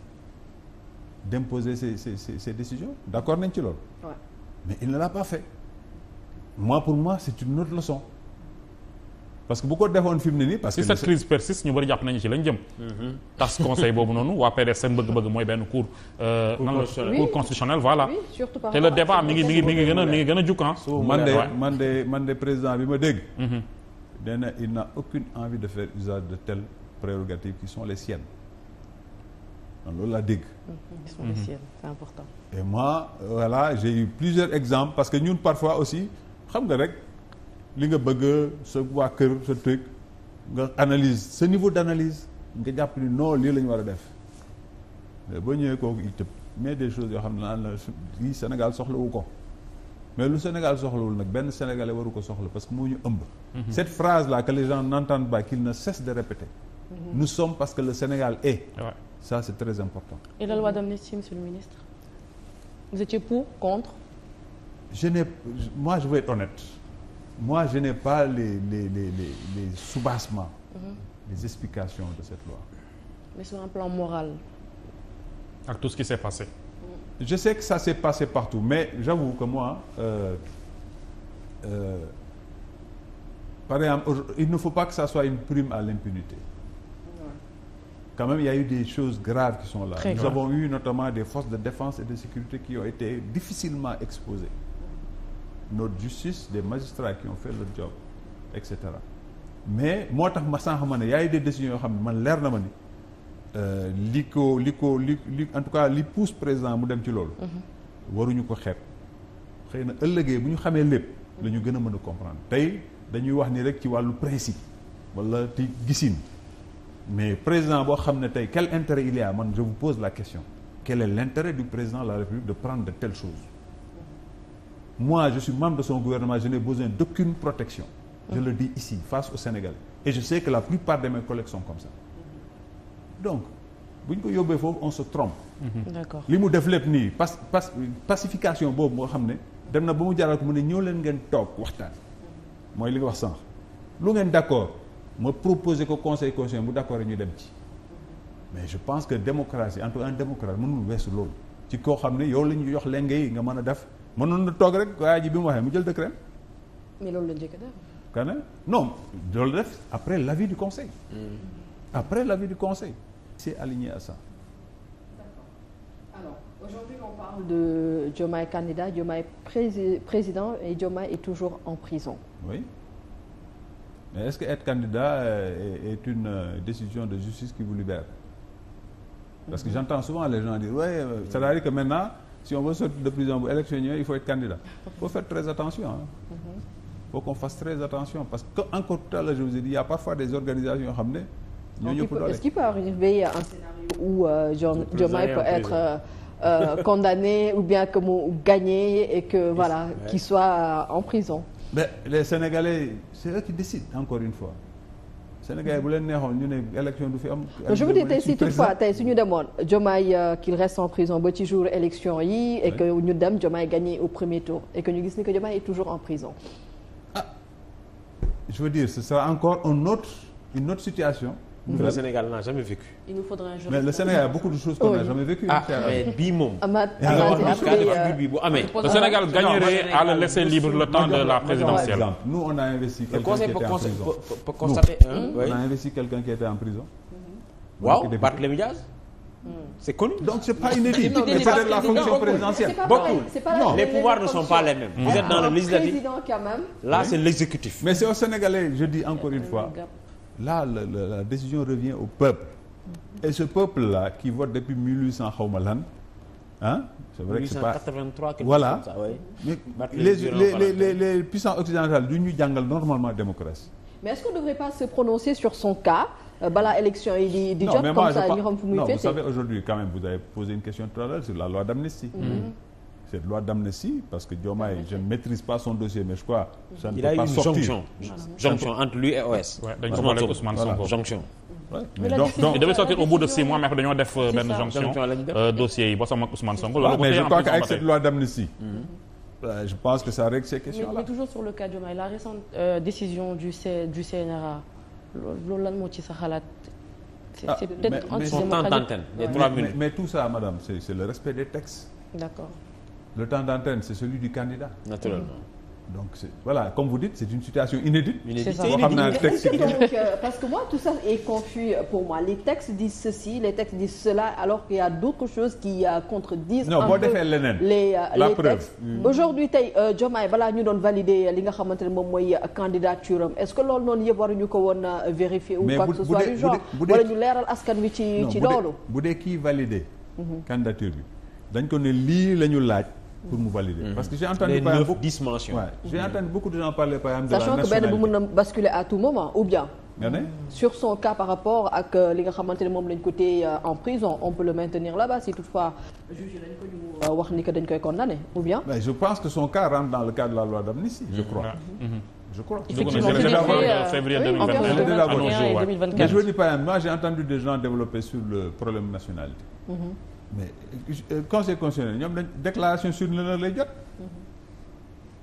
d'imposer ces ces ces ces décisions d'accord nañ ci loolu. mais il ne l'a pas fait. moi pour moi c'est une autre leçon. parce que bu ko defoon fi mu ne nii. parce que si cette crise persiste ñu bëri jàpp nañu ci lañ jëm. Mm-hmm. tas conseil boobu noonu waa PDS seen bëgg-bëgg mooy benn cour. Euh, cour voilà. te le débat mi ngi mi ngi mi mi ngi gën jukkan. man de man de président bi ma dégg. Mm-hmm. nee na il n'a aucune envie de faire usage de telles prérogatives qui sont les siennes. loolu laa dégg. Mm-hmm. qui sont les siennes c'est et moi voilà j'ai eu plusieurs exemples parce que ñun parfois aussi xam nga rek. li nga bëgg sa waa kër sa truc nga analyse sa niveau d' analyse nga jàpp ni non lii la ñu war a def boo ñëwee kooku i mais des choses yoo xam ne naan la lii Sénégal soxlawu ko mais lu Sénégal soxlawul nag benn Sénégalais waru ko soxla parce que moo ñu ëmb mhm. cette phrase là que les gens n'entendent pas qu'ils ne cessent de répéter mm -hmm. parce que le Sénégal est ouais. ça c'est très important et la loi d'amnistie monsieur le ministre vous étiez pour contre je n'ai je veux être moi je n'ai pas les les les les soubassements mm explications de cette loi mais sur un plan moral ak tout ce qui s'est passé je sais que ça s'est passé partout mais j'avoue que moi euh, euh, par exemple il ne faut pas que ça soit une prime à l'impunité quand même il y a eu des choses graves qui sont là Très nous grave. avons eu notamment des forces de défense et de sécurité qui ont été difficilement exposées notre justice des magistrats qui ont fait leur job et cetera mais moo tax ma sànq ma ne yaa a eu des yoo xam ne man leer na ma ni euh, li ko li ko li li en tout cas li pousse président mu dem ci loolu. Mhm. waruñu ko xeeb xëy na ëllëgee bu ñu xamee lépp lañu gën a mën a comprendre tey dañuy wax ni rek ci wàllu principe wala te gisin mais président boo xam ne tey quel intérêt il y a man je vous pose la question quel est l'intérêt du président de la République de moi je suis membre de son gouvernement je n'ai besoin d'aucune protection je le dis ici face aux Sénégalais et je sais que la plupart de mes comme ça donc bu ñu ko yóbbee foofu on se trompe mhm. d'accord li mu def lépp nii pas pas pacification boobu moo xam ne dem na ba mu jaral ko mu ne ñëw leen ngeen toog waxtaan mooy li nga wax sànq lu ngeen d'accord ma proposer ko conseil constitutionnel bu d'accord ñu dem ci mais je pense que démocratie en tout cas un démocrate mënul weesu loolu ci koo xam ne yow la ñu jox lenge yi nga mën a def mënoon na toog rek waa ji bi mu waxee mu jël décret. mais loolu a def. non loolu def après l' avis du conseil. Hmm. après l' avis du conseil. c' est à ça. d' accord alors aujourd'hui on parle de Diomaye candidat Diomaye prési président et Diomaye est toujours en prison. oui mais est ce que être candidat euh, est, est une euh, décision de justice qui vous libère. parce que mm-hmm. j'entends souvent les gens dire ouais euh, c'est-à-dire si on veut sortir de prison bu élection il faut être candidat il faire très attention hein. Mm-hmm. qu'on fasse très attention parce que encore tout à l'heure je vous ai dit il des organisations yoo xam ne ñoo ñëpp euh, euh, euh, [laughs] ou bien que mu gagné et que voilà qu'il soit en prison mais les Sénégalais c'est eux qui décident encore une fois Sénégal bu leen neexoon ñu ne élection du fi am. je vous dis tey si toutefois tey suñu demoon Diomaye euh, qu'il reste en prison ba ci jour élection yi. et que ñu dem Diomaye gagné au premier tour et que ñu gis ni que Diomaye est toujours en prison. ah je veux dire ce encore un autre une autre situation. le Sénégal n'a jamais vécu. il nous faudra un jour mais le Sénégal a beaucoup de choses oh qu'on n'a jamais vécu. Ah, mais ah, euh, ah, le Sénégal gagnerait à laisser libre le temps de la présidentielle. nous hmm. on a investi. quelqu'un qui était en prison hmm. hmm. mais les pouvoirs ne sont pas les mêmes. là c'est l'exécutif. mais c'est aux Sénégalais je dis encore euh, une fois. là la, la, la décision revient au peuple et ce peuple là qui vote depuis 1800 xawma lan ah c'est vrai que c'est pas 1883 voilà ça, oui. mais les, puissants occidentales du ñu normalement démocratie mais est-ce qu'on devrait pas se prononcer sur son cas euh, balaa élection yi di comme ça ñu non vous savez aujourd'hui quand même vous avez posé une question tout sur la loi d'amnistie mm-hmm. cette loi d'amnistie parce que Diomaye je ne maîtrise pas son dossier mais je crois. ça ne peut pas sortir il a eu une jonction entre lui et OS. waaw dañu Sonko jonction. donc donc dafay sortir au bout de six mois mais dañoo euh, jonction euh, dossier yi ba sama Ousmane Sonko. loolu ah, mais je crois qu'avec cette loi d'amnistie mhm. euh, je pense que ça règle ces questions là. mais toujours sur le cas Diomaye la récente décision du C du CNRA loolu moo ci sa xalaat. c'est ah, peut-être anti mais mais tout ça madame c'est le respect le temps d'antenne c'est celui du candidat. naturellement. donc c'est, voilà comme vous euh, parce que moi tout ça est confus pour moi les textes disent cela alors qu'il y a d'autres choses qui euh, contredisent. non boo defee leneen les euh, la les preuve. textes mm. aujourd'hui tey euh, Diomaye balaa ñu doon valider li nga xamante ne moom mooy euh, candidature am est-ce que loolu noonu yëpp waruñu ko woon vérifier. ou quoi que ce soit du genre wala ñu leeral askan wi ci ci loolu. bu dee bu dee kii valider. Mhm. candidature bi dañ ko la ñu laaj. pour mu valider. Mhm. parce que j'ai entendu. par exemple dix mentions. Ouais, j'ai mhm. entendu beaucoup de gens parler par exemple de la nationalité. sachant que benn bu mën a basculer à tout moment ou bien. sur son cas par rapport ak euh, li nga xamante ne moom lañ ko euh, en prison on peut le maintenir là-bas si toutefois euh, que dañ koy ou bien. je pense que son cas rentre dans le cadre de la loi d'amnistie je mhm. crois. Mm je crois. effectivement en février 2024 mais je veux dire par exemple mais euh, conseil constitutionnel ñoom dañ déclaration sur l'honneur lay jot. Mm-hmm.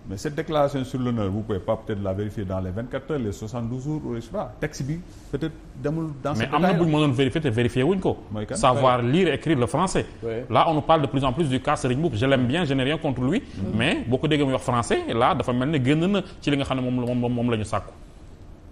mais cette déclaration sur l'honneur vous pouvez pas peut-être la vérifier dans les vingt quatre heures les soixante douze jours ou je mais am na bu ñu mënoon vérifier te vérifier wuñ ko. savoir lire et français. Oui. là on nous parle contre lui. Mm-hmm. mais boo ko déggee muy wax français là dafa mel ne génn na ci li nga xam ne moom la sàkku.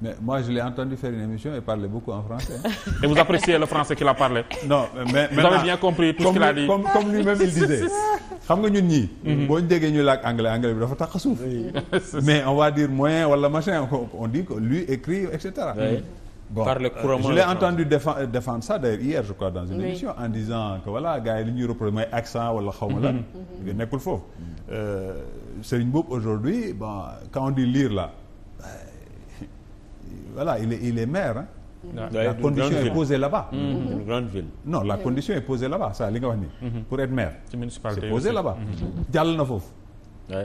Mais moi, je l'ai entendu faire une émission et parler beaucoup en français. Hein. [laughs] vous appréciez le français qu'il a parlé Non, mais Vous avez Comme, lui-même, il disait. [laughs] xam nga ñun ñii. Mhm. boo ñu déggee ñu làkk anglais anglais bi dafa tax a suuf. [laughs] mais on va dire moyen wala machin on dit que lui écrit et cetera. Oui. bon parle euh, couramment je l'ai entendu défendre défendre ça d'ailleurs hier je crois dans une oui. émission en disant que voilà gars yi ñuy reproduire mooy accent wala xaw la. Mhm. nekkul foofu. Euh, Serigne Boub aujourd'hui bon voilà il est il est maire hein. Mm-hmm. la mm-hmm. Mm-hmm. condition est posée là-bas. une grande ville. non la condition est posée là-bas li nga wax nii. pour être maire. ci municipalité c'est posé là-bas. jàll na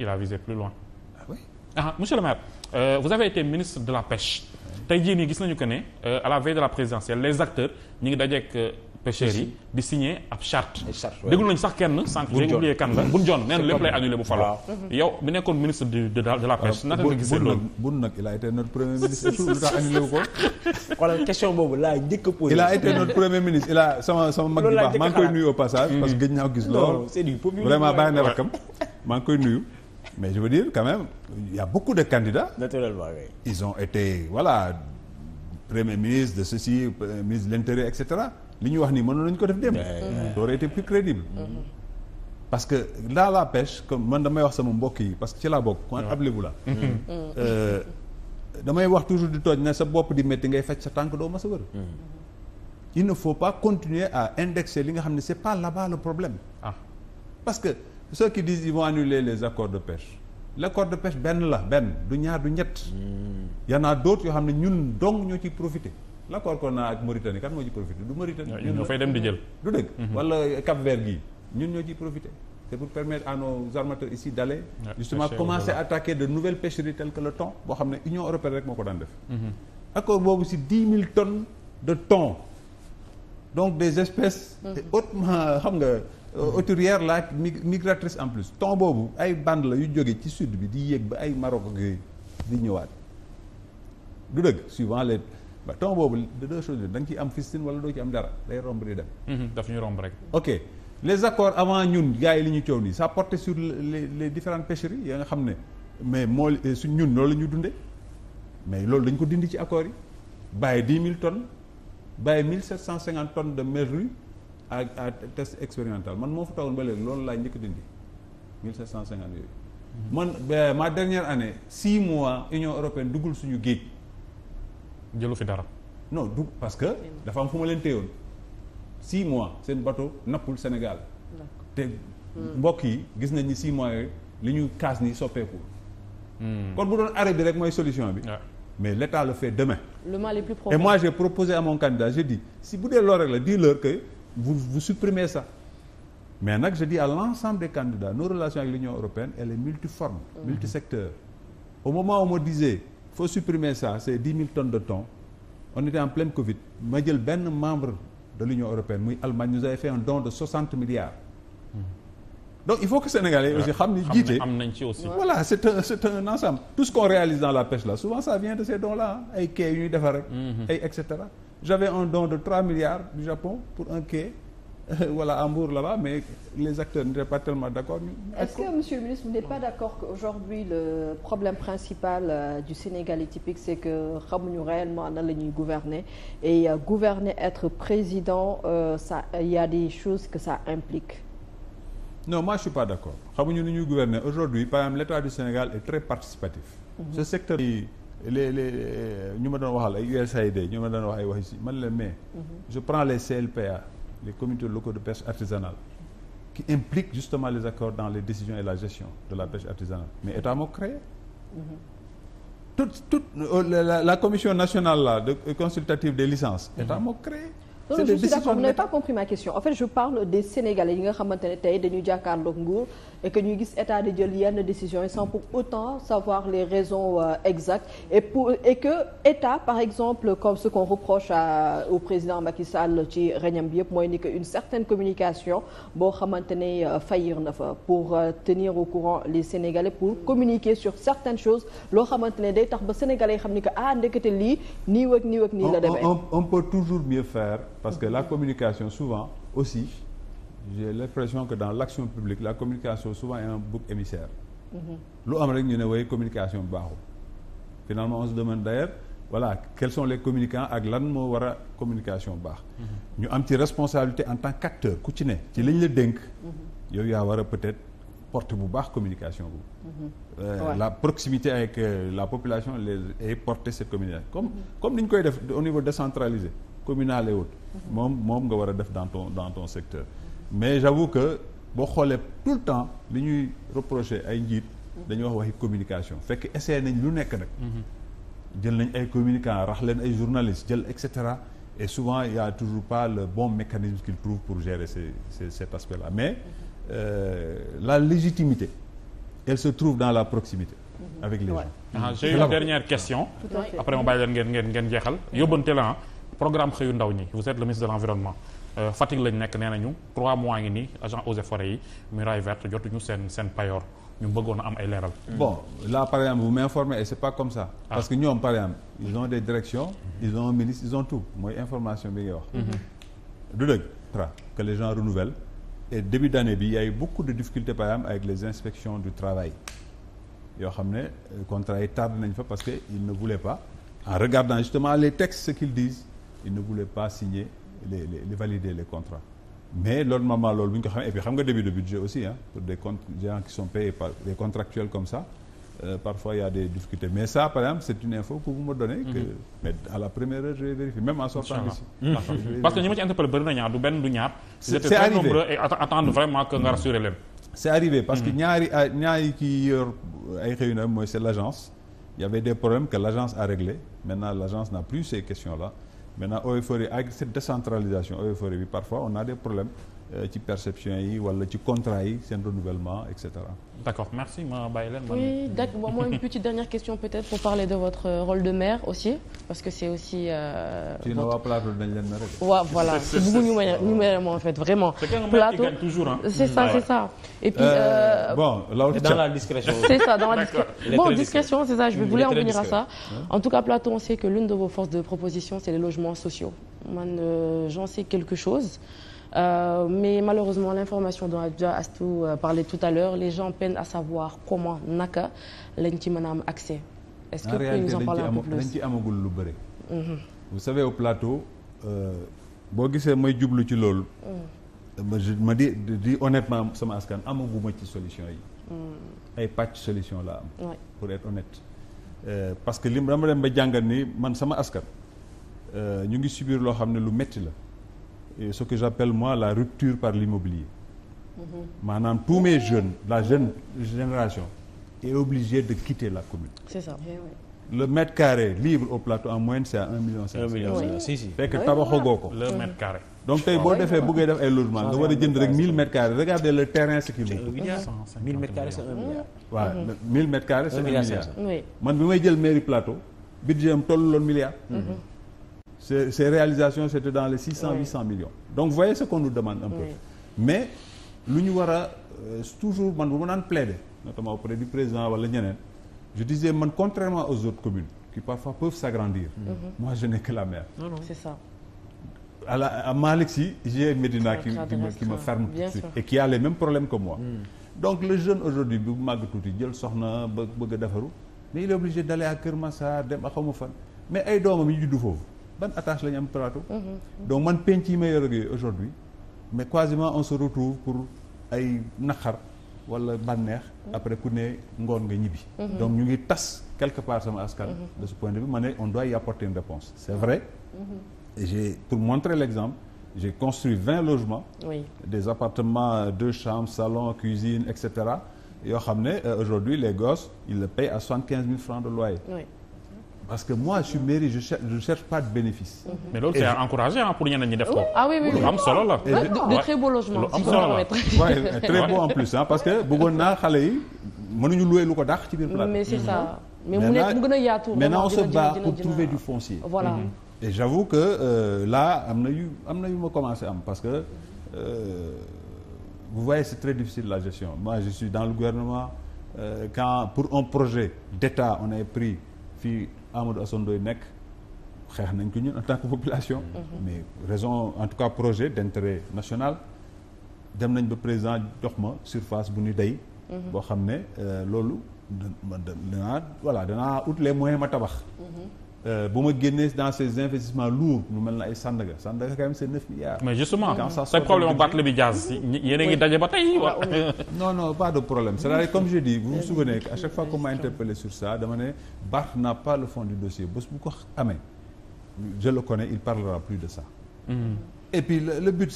il a visé plus loin. ah oui ah monsieur le maire euh, vous avez été ministre de la pêche. tey jii nii gis nañu que ne a euh, la veille de la présidentielle les acteurs ñu ngi dajeek euh, pêcheurs yi di signé ab charte déglu nañu sax kenn sànq jon neen lépp lay annulé bu falo mm-hmm. yow bi nekkoon ministre de la pêche naka nga gisee loolu bun nag il a été premier ministre lu tax boobu laa njëkk a a a bàyyi na rakam maa ngi koy nuyu mais je veux dire quand même a beaucoup de candidats ils ont été voilà premier ministre de ceci ministre de l'intérieur etc li ñuy wax nii mënoon nañu ko def dem ça aurait été plus crédible parce que dans la pêche comme man damay wax sama mbokk yi parce que ci laa bokk able bu la damay wax toujours di tooj na sa bopp di métti ngay faj sa tànk doo ma sa wër mm-hmm. il ne faut pas continuer à indexer li nga xam ne c'est pas là-bas le problème ah parce que ceux qui disent ils vont annuler les accords de pêche l'accord de pêche benn la benn du ñaar du ñett mm-hmm. y en a yoo xam ne ñun dong ñoo ciy profiter l'accord qu'on a ak Mauritanie kan moo ci profité du Mauritanie. ñun ñoo fay dem di jël. du dëgg. Mhm. wala Cap Vert gii ñun ñoo ciy profité. c'est pour permettre à nos armateurs ici d'aller justement commencer à attaquer de nouvelles pêcheries telles que le thon boo xam ne Union européenne rek moo ko daan def. Mhm. accord boobu si dix mille tonnes de thon donc des espèces. hautement mhm. xam nga. hauturière euh, la migratrice en plus thon boobu ay bande la yu jóge ci sud bi di yéeg ba ay Maroc ak yooyu di ñëwaat du dëgg suivant les. ba temps boobu de deux choses da nga ciy am fistine wala doo ci am dara day romb di dem. Mhm, daf ñu romb rek. ok les accords avant ñun gars yi li ñu coow nii sa portait sur les les différentes pêcheries ya nga xam ne mais moo euh, su ñun loolu la ñu dundee mais loolu dañ ko dindi ci accords yi bàyyi dix mille tonnes bàyyi mille sept cent cinquante tonnes de merlu à à test expérimental man moo fa toogoon ba léegi loolu laa njëkk dindi mille sept cent cinquante yooyu. Mhm. man ma dernière année six mois Union européenne duggul suñu géej. jëlu fi dara. no du parce que dafa am fu ma leen téyoon six mois seen bateau nappul Sénégal. te hmm. mbokk yi gis nañ ni six mois yooyu li ñuy kaas ni soppeeku. Hmm. kon bu doon arrêt bi rek mooy solution bi. mais l'État le fait demain. le mal est plus profond. et moi j'ai si bu dee loolu rek la dis-leur que vous vous supprimez mais nag jeu dis à l'ensemble des candidats nos relations avec l'Union européenne elle est multiforme. Hmm. multisecteur au moment où on me faut supprimer ça c'est dix mille tonnes de thon on était en pleine Covid ma jël benn membre de l'Union européenne muy Allemagne nous avait fait un don de soixante milliards. Hmm. donc il faut que sénégalais aussi xam ni jiite am nañ ci aussi. voilà c'est un c'est un ensemble tout ce qu'on réalise dans la pêche là souvent ça vient de ces dons là ay quai yu ñuy defar rek. Hmm. j'avais un don de trois milliards du Japon pour un quai. [laughs] voilà à Mbour là-bas mais les acteurs n'étaient pas tellement d'accord. que monsieur le ministre vous n'êtes pas d'accord qu'aujourd'hui le problème principal euh, du Sénégal est c'est que xamuñu réellement nan la ñuy gouverner et euh, gouverner être président euh, il y a des choses que ça implique. non moi je suis pas d'accord xamuñu nu ñuy gouverner aujourd'hui par exemple l'État du Sénégal est très participatif. Mhm. ce secteur yi les les ñu ma doon waxal ay USAID ñu ma doon wax ay wax si man mais. Mhm. je prends les CLPA. les comités locaux de pêche artisanale qui impliquent justement les accords dans les décisions et la gestion de la pêche artisanale mais état moo créé toute mm-hmm. toute euh, la, la commission nationale là de euh, consultative des licences état mm-hmm. moo créé Non, non, je suis d'accord, vous n'avez pas compris ma question. En fait, je parle des Sénégalais yi nga xamante ne tey dañuy jàkkaarloog nguur et que ñuy gis état di jël yenn décision yi sans pour autant savoir les raisons euh, exactes et pour que état par exemple comme ce qu'on reproche à, au président Macky ci reñam bi yëpp mooy ni que une certaine communication boo xamante ne euh, faillir na fa pour euh, tenir au courant les Sénégalais pour communiquer sur certaines choses loo xamante ne day tax ba Sénégalais yi xam ni que ah ndekete lii nii wëkk nii wëkk nii la demee. On peut toujours mieux faire. parce que la communication souvent aussi j'ai l'impression que dans l'action publique la communication souvent est un bouc émissaire lu am rek ñu ne way communication baaxul finalement on se demande d'ailleurs voilà quels sont les communicants ak lan moo war a communication baax mhm. ñu am ci responsabilité en tant qu'acteur ku ci ne ci liñ la dénk mhm. yow yaa war peut-être porte bu baax communication bu mhm. euh, ouais. la proximité avec euh, la population les et porter cette communication comme comme ni koy def au niveau décentralisé communal et autres moom moom nga war a def dans ton dans ton secteur mais j'avoue que boo xoolee tout le temps li ñuy reprocher ay njiit dañuy wax waxi communication fekk essayé nañ lu nekk nag mm-hmm. jël nañ ay communicants rax leen ay journalistes jël et cetera et souvent il y a toujours pas le bon mécanisme qu'ils trouvent pour gérer ces, ces cet aspect là mais euh, la légitimité elle se trouve dans la proximité mm-hmm. avec les ouais. gens ah, après ma leen ngeen ngeen ngeen jeexal yóbbante la ah. programme xëyu ndaw ñi vous êtes le ministre de l'environnement euh, Fatick lañ nekk nee nañu trois mois ngi nii agent eaux et forêts yi muraille verte jotuñu seen seen payoor ñu bëggoon a am ay leeral. Mm. bon là par exemple vous m'informez et c'est pas comme ça. Ah. parce que ñoom par exemple ils ont des directions. ils ont un ils ont tout mooy information bi ngay wax. Mm-hmm. du dëgg que les gens renouvelle et début d'année bi il y a eu beaucoup de difficultés par exemple avec les inspections du yoo xam ne euh, contrat yi tardé nañ fa parce que ils ne voulaient pas en regardant justement les textes ce il ne voulait pas signer les les, les valider les contrats mais loolu moment loolu bu ñu ko xam et puis nga début de budget aussi pour des comptes gens qui sont payés par des contractuels comme ça euh, parfois y a des difficultés mais ça par exemple c'est une info que vous me donnez que mm à la première je vais vérifier même en sortant d'ici mhm. parce que ñi ma ci interpellé bëri na ñaar ah, du benn du ñaar c'est arrivé parce que mhm. ñaari ah, ñaari kii yor euh, ay réunion mooy maintenant OFOR yi ak cette décentralisation OFOR bi parfois on a des problèmes Euh, ci perception yi wala ci contrat yi seen renouvellement et cetera. d'accord merci ma bàyyi leen. oui d'accord moi une [laughs] petite dernière question peut-être pour parler de votre euh, rôle de maire parce que c'est aussi. ci Nova Plateau voilà bëgguñu ma ñu en fait vraiment. plateau c'est ça et puis. Euh, bon la discrétion. [laughs] c'est ça dans la discrétion en venir à ça. en tout cas plateau on sait que l'une de vos forces de proposition c'est les logements sociaux j'en sais quelque chose. Euh, mais malheureusement l'information dont déjà Astou euh, parlait tout à l'heure les gens peinent à savoir comment naka lañ ci mën a am accès. est-ce que vous nous ci amagul lu bëri. Mhm. Euh, boo gisee may jublu ci loolu. Mhm. ma di di honnêtement sama askan amaguma ci solution yi. Mhm. ay pàcc solution la am. parce que li dama dem ba jàngat ni man sama askan. ñu ngi subir loo xam ne lu metti la. ce que j'appelle moi la rupture par l'immobilier mhm. maanaam mm -hmm. tous la jeune génération est obligée de quitter la commune c'est eh le mètre carré libre au plateau en moyenne c'est un million cinq cent si si fekk tabaxagoo ko le donc tey boo defee buggee def ay logement nga war a jënd rek mille mètres carrés regardez le terrain ce qu'il vaut mille mètres carrés c'est un milliard mhm. mille mètres carrés c'est un milliard man bi may jël mairie plateau budget am tollu loon milliard mhm. ces ces réalisations c'était dans les six cent huit cent millions donc voyez ce qu'on nous demande un peu mais lu ñu war a euh, toujours man bu ma naan plaider notamment auprès président wala ñeneen je disais man contrairement aux autres communes qui parfois peuvent s'agrandir mm -hmm. moi je n'ai que la mer non, non. c'est ça à la à Malick Sy j'ai Médina qui qui me, ferme tout et qui a les mêmes problèmes moi mm. donc le jeune aujourd'hui bi bu màgg tuuti jël soxna ba bëgg a defaru mais il est obligé d'aller à Kër Massar dem a xaw ma fan mais ay doomam yi juddu foofu ban attache la ñu am plateau. Mhm. donc man penc yi ma may yor aujourd'hui mais quasiment on se retrouve pour ay naqar wala bànneex mhm. après ku ne ngoon nga ñibbi. Mhm. donc ñu ngi tas quelque part sama askan. de ce point de vue ma ne on doit y apporter une réponse c'est vrai. j'ai pour montrer l'exemple j'ai construit vingt logements. oui des appartements euh, deux chambres salon cuisine et cetera yoo xam ne euh, aujourd'hui les gosses ils le payent à soixante quinze mille francs de loyer. parce que moi je suis mairie je cherche cherche pas de bénéfice. Mhm. mais loolu c'est à pour ñeneen ñi def ko. ah oui oui lu am solo la. de très beau logement. lu am en plus parce que bëggoon naa xale yi mënuñu louer lu ko dàq ci biir Plateau. mais c'est ça. Mhm. mais mu nekk mu gën a yaatu. maintenant on se bat trouver du foncier. Mhm. et j'avoue que euh, là am na yu am na yu ma commencé am parce que euh, vous voyez c'est très difficile la gestion moi je suis dans le gouvernement euh, quand pour un projet d'État on a pris fii. Amadou Assane Ndoye nekk xeex nañ ko ñu en tant que population. Mhm. Mhm. mais raison en tout cas projet d'intérêt national dem nañ ba président jox ma surface bu ñu dey. Mhm. boo xam ne euh, loolu man danaa voilà danaa ut les moyens ma tabax. Euh, bu ma génnee dans ces investissements lourds mu mel na ay Sandaga Sandaga quand même c'est neuf milliards. mais justement sa problème Barthélémy Dias yéen a ngi daje ba tey ah, waaw. non non pas de problème cest à comme je dis vous vous souvenez à chaque fois qu'on m'a interpellé sur ça dama ne Barth n'a le fond du dossier bés bu ko amee je le connais il parlera plus de sa mm-hmm. et puis le, le but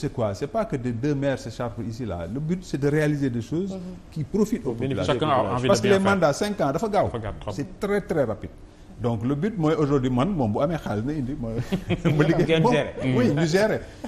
c'est de réaliser des choses. Mm-hmm. qui profitent aux populations parce que ans dafa gaaw. donc le but mooy aujourd'hui man moom bu amee xaalis na indi mooy. [laughs] ma liggéey moom oui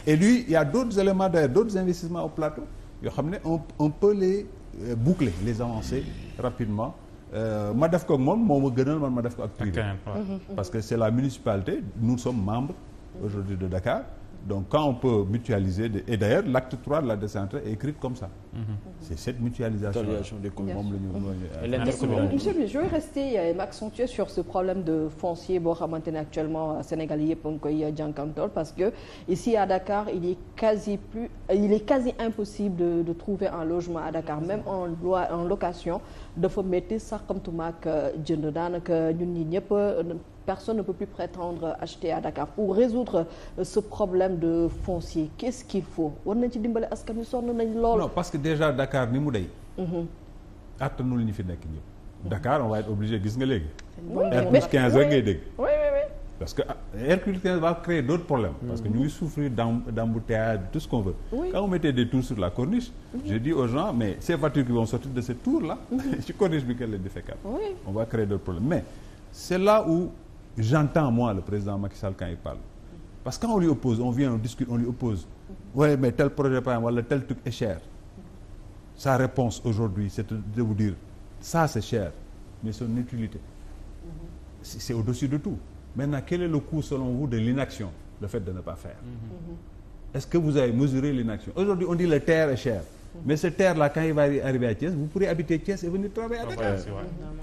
et lui il d'autres éléments d'ailleurs d'autres investissements au plateau yoo xam ne on on peut les euh, boucler les avancer rapidement. Euh, ma def ko moom moo ma gënal man ma def ko ak privé mm-hmm. parce que c'est la municipalité nous sommes membres aujourd'hui de Dakar. donc quand on peut mutualiser de, et d'ailleurs l'acte 3 de la décentralisation est écrite comme ça. Mm -hmm. c'est cette mutualisation. des communes moom la ñu. Euh, monsieur je vais rester euh, m'accentuer sur ce problème de foncier boo xamante ne actuellement euh, Sénégal yëpp a ngi koy jànkantool parce que ici à Dakar il est quasi plus il est quasi impossible de, de trouver un logement à Dakar même en loi en location dafa métti sax xamtuma ak jënd daanaka ñun ñi ñëpp. personne ne peut plus prétendre acheter à Dakar pour résoudre euh, ce problème de foncier qu'est-ce qu'il faut war nañ ci dimbale askan wi sonn nañ lool. parce que déjà Dakar ni mu dey. Mhm. attanul ñi fi nekk ñëpp. Mhm. Dakar on va être obligé gis nga léegi. R plus ngay dégg. parce que ah, R plus va créer d' problèmes. parce que mhm. ñu ngi souffrir d' embouteillage tout ce qu'on veut. oui quand on des tours sur la corniche. je dis aux gens mais ces voitures qui vont [laughs] j'entends moi le président Macky Sall quand il parle parce que quand on lui oppose on vient on discute on lui oppose ouais mais tel projet par exemple wala tel truc est cher sa réponse aujourd'hui c'est de vous dire ça c'est cher mais son utilité c'est au-dessus de tout maintenant quel est le coût selon vous de l'inaction le fait de ne pas faire mhm. Mhm. est-ce que vous avez mesuré l'inaction aujourd'hui on dit le terre est cher mais ce TER là quand il va arriver à Thiès vous pourrez habiter Thiès et venir travailler à Dakar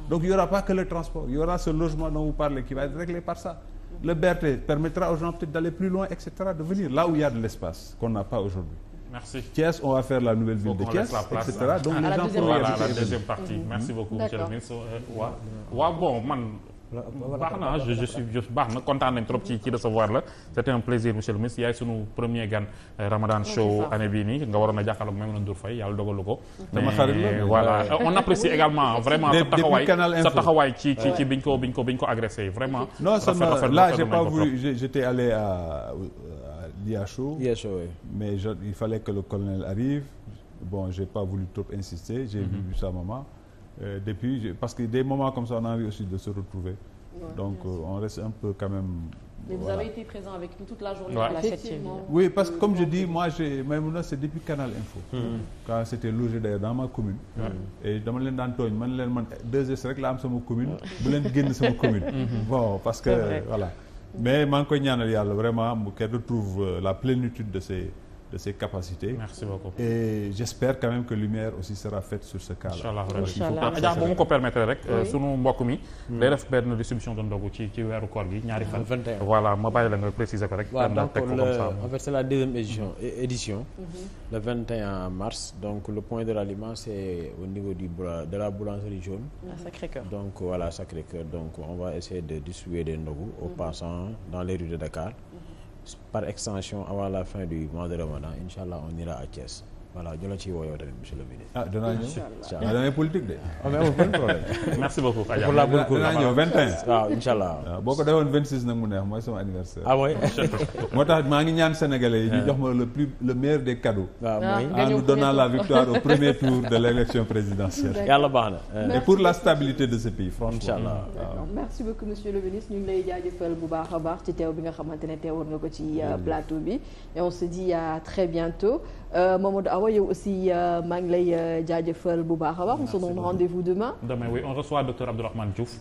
donc il aura pas que le transport il aura ce logement dont vous parlez qui va être par ça le BRT permettra aux gens peut d'aller plus loin et de venir là où il de l'espace qu'on n'a pas aujourd'hui merci on va faire la nouvelle ville de Thiès et donc les gens pourront la deuxième partie merci beaucoup man baax na je suis baax na kontaan nañ trop ci ci recevoir la c'était un plaisir monsieur le ministre yaay sunu premier gan euh, Ramadan show année bii nga waroon a jàkkaarloog Maimouna Ndour Faye yàlla dogalu ko dama xarit la voilà on apprécie également sa taxawaay sa taxawaay ci ci ci biñ ko biñ ko biñ ko agressé vraiment non sama là j'ai pas j'étais allé à l'IHO mais il fallait que le colonel arrive bon j'ai pas voulu trop insister j'ai mm-hmm. vu sa maman Euh, depuis parce que des moments comme ça on a envie aussi de se retrouver donc euh, on reste un peu quand même mais vous avez été présent avec nous toute la journée ouais. la 7e. Oui, parce que comme je dis, moi, j'ai Maïmouna, c'est depuis Canal Info. Mm c'était logé dans ma commune. Et dama leen daan tooñ man leen man eh, deux heures rek la am sama commune. bu leen génn sama commune. [laughs] Hmm. bon parce que voilà. mais maa ngi koy ñaanal yàlla vraiment mu qu'elle retrouve euh, la plénitude de de ses capacités. Merci beaucoup. Et j'espère quand même que lumière aussi sera faite sur ce cas bu mu ko permettre rek euh, sunu mbokk mi mm. day def benn distribution de ndogu ci ci weeru koor gi ñaari fan voilà ma bàyyi la nga préciser ko rek donc en fait c'est la deuxième édition mm-hmm. édition mm-hmm. le 21 mars donc le point de l'aliment c'est au niveau du de la boulangerie jaune Sacré-Cœur donc voilà Sacré-Cœur donc on va essayer de distribuer des ndogu aux mm-hmm. passants dans les rues de Dakar par extension avant la fin du mois de Ramadan incha allah on ira à Thiès. voilà ñu la ciy wooyoo tamit monsieur le ministre. ah danaa ñëw incha allah ah, de. Ah, [laughs] merci beaucoup Khadija pour la bonne ah, boo ko defoon 26 nag mu neex mooy sama anniversaire. [laughs] moo tax maa ngi ñaan sénégalais yi ñu jox ma le plus le meilleur des cadeaux. waaw mooy en nous donnant la victoire au premier [laughs] tour de l' présidentielle. yàlla baax na. pour la stabilité de ce pays. incha allah merci beaucoup monsieur le ministre ñu ngi lay jaajëfal bu baax a baax ci teew bi nga xamante ne teewoon nga ko ci euh, plateau bi et on se Euh, Mamadou Awa yow aussi euh, maa ngi lay euh, jaajëfal bu baax a baax. merci beaucoup nous rendez-vous demain. demain on reçoit docteur Abdourahmane Diouf.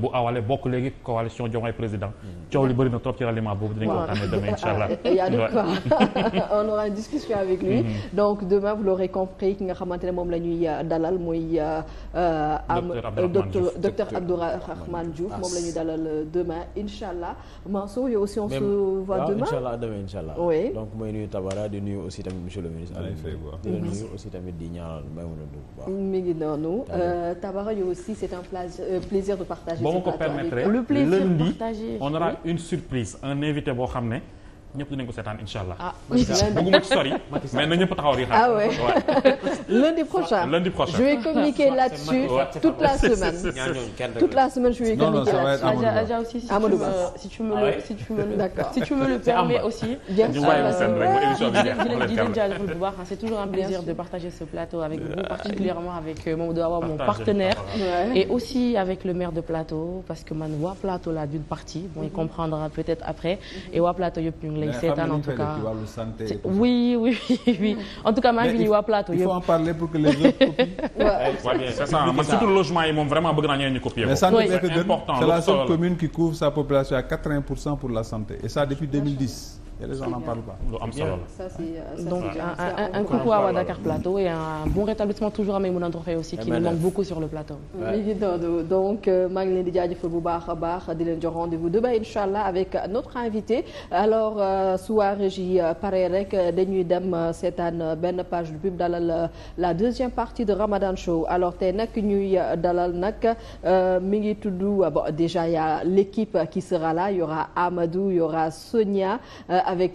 bu awale bokk léegi coalition Diomaye président. Mm. coow li bëri na trop ci ralliement boobu dinañ ko waxtaanee demain incha allah. [laughs] a de quoi [laughs] on aura une discussion avec lui. Mm-hmm. donc demain vous l'aurez compris ki nga xamante ne moom la ñuy dalal mooy. am docteur docteur Abdourahmane Diouf moom la ñuy dalal demain incha allah. Mansour yow on se voit demain. incha allah monsieur le ministre Aliou Ndoye di la nuyu aussi tamit di ñaanal Maïmouna Ndour bu baax mi ngi noonu euh, Tabara yow aussi c'est un euh, plaisir de partager boo ma ko permettre le plaisir lundi on aura une surprise un invité boo xam ne ñëpp dinañ ko seetaan incha allah. ah bëgguma ci sori. [laughs] mais na ñëpp taxaw di xaar. ah ouais [laughs] lundi prochain. lundi prochain je vais communiquer là-dessus toute la semaine. toute la semaine je vais communiquer là-dessus. Amadou Ba si tu me le ah si tu me le si tu me le permets aussi. jërëjëf di di leen jaajëfal bu baax c'est toujours un plaisir de partager ce plateau avec vous particulièrement avec euh, Mamadou Awa mon partenaire. et aussi avec le maire de Plateau parce que man waa Plateau la d'une partie bon il mm-hmm. comprendra peut-être après et waa Plateau yëpp ñu ngi lay seetaan en tout cas oui oui [laughs] oui en tout cas maa ngi nuyu waa plateau yëpp. il faut en parler pour que les autres copient. [laughs] c'est ça man surtout logement yi moom vraiment bëgg naa ñeneen ñu copier ko. mais santé Verte Dene c'est la seule commune qui couvre sa population à 80 pour cent pour la santé et ça depuis et les euh, donc un, un, un coucou à Dakar Plateau et un bon rétablissement toujours à Maïmouna Ndouré aussi. Eh qui nous manque beaucoup sur le plateau. donc euh, maa ngi leen di jaajëfal bu baax a baax di leen jox rendez-vous demain incha allah avec notre invité alors euh, soirée ji pare rek dañuy dem seetaan benn page de pub dalal la deuxième partie de Ramadan Show alors tey nag ñuy dalal nag mi ngi tudd bon déjà y a l'équipe qui sera là y aura Amadou y aura Sonia. avec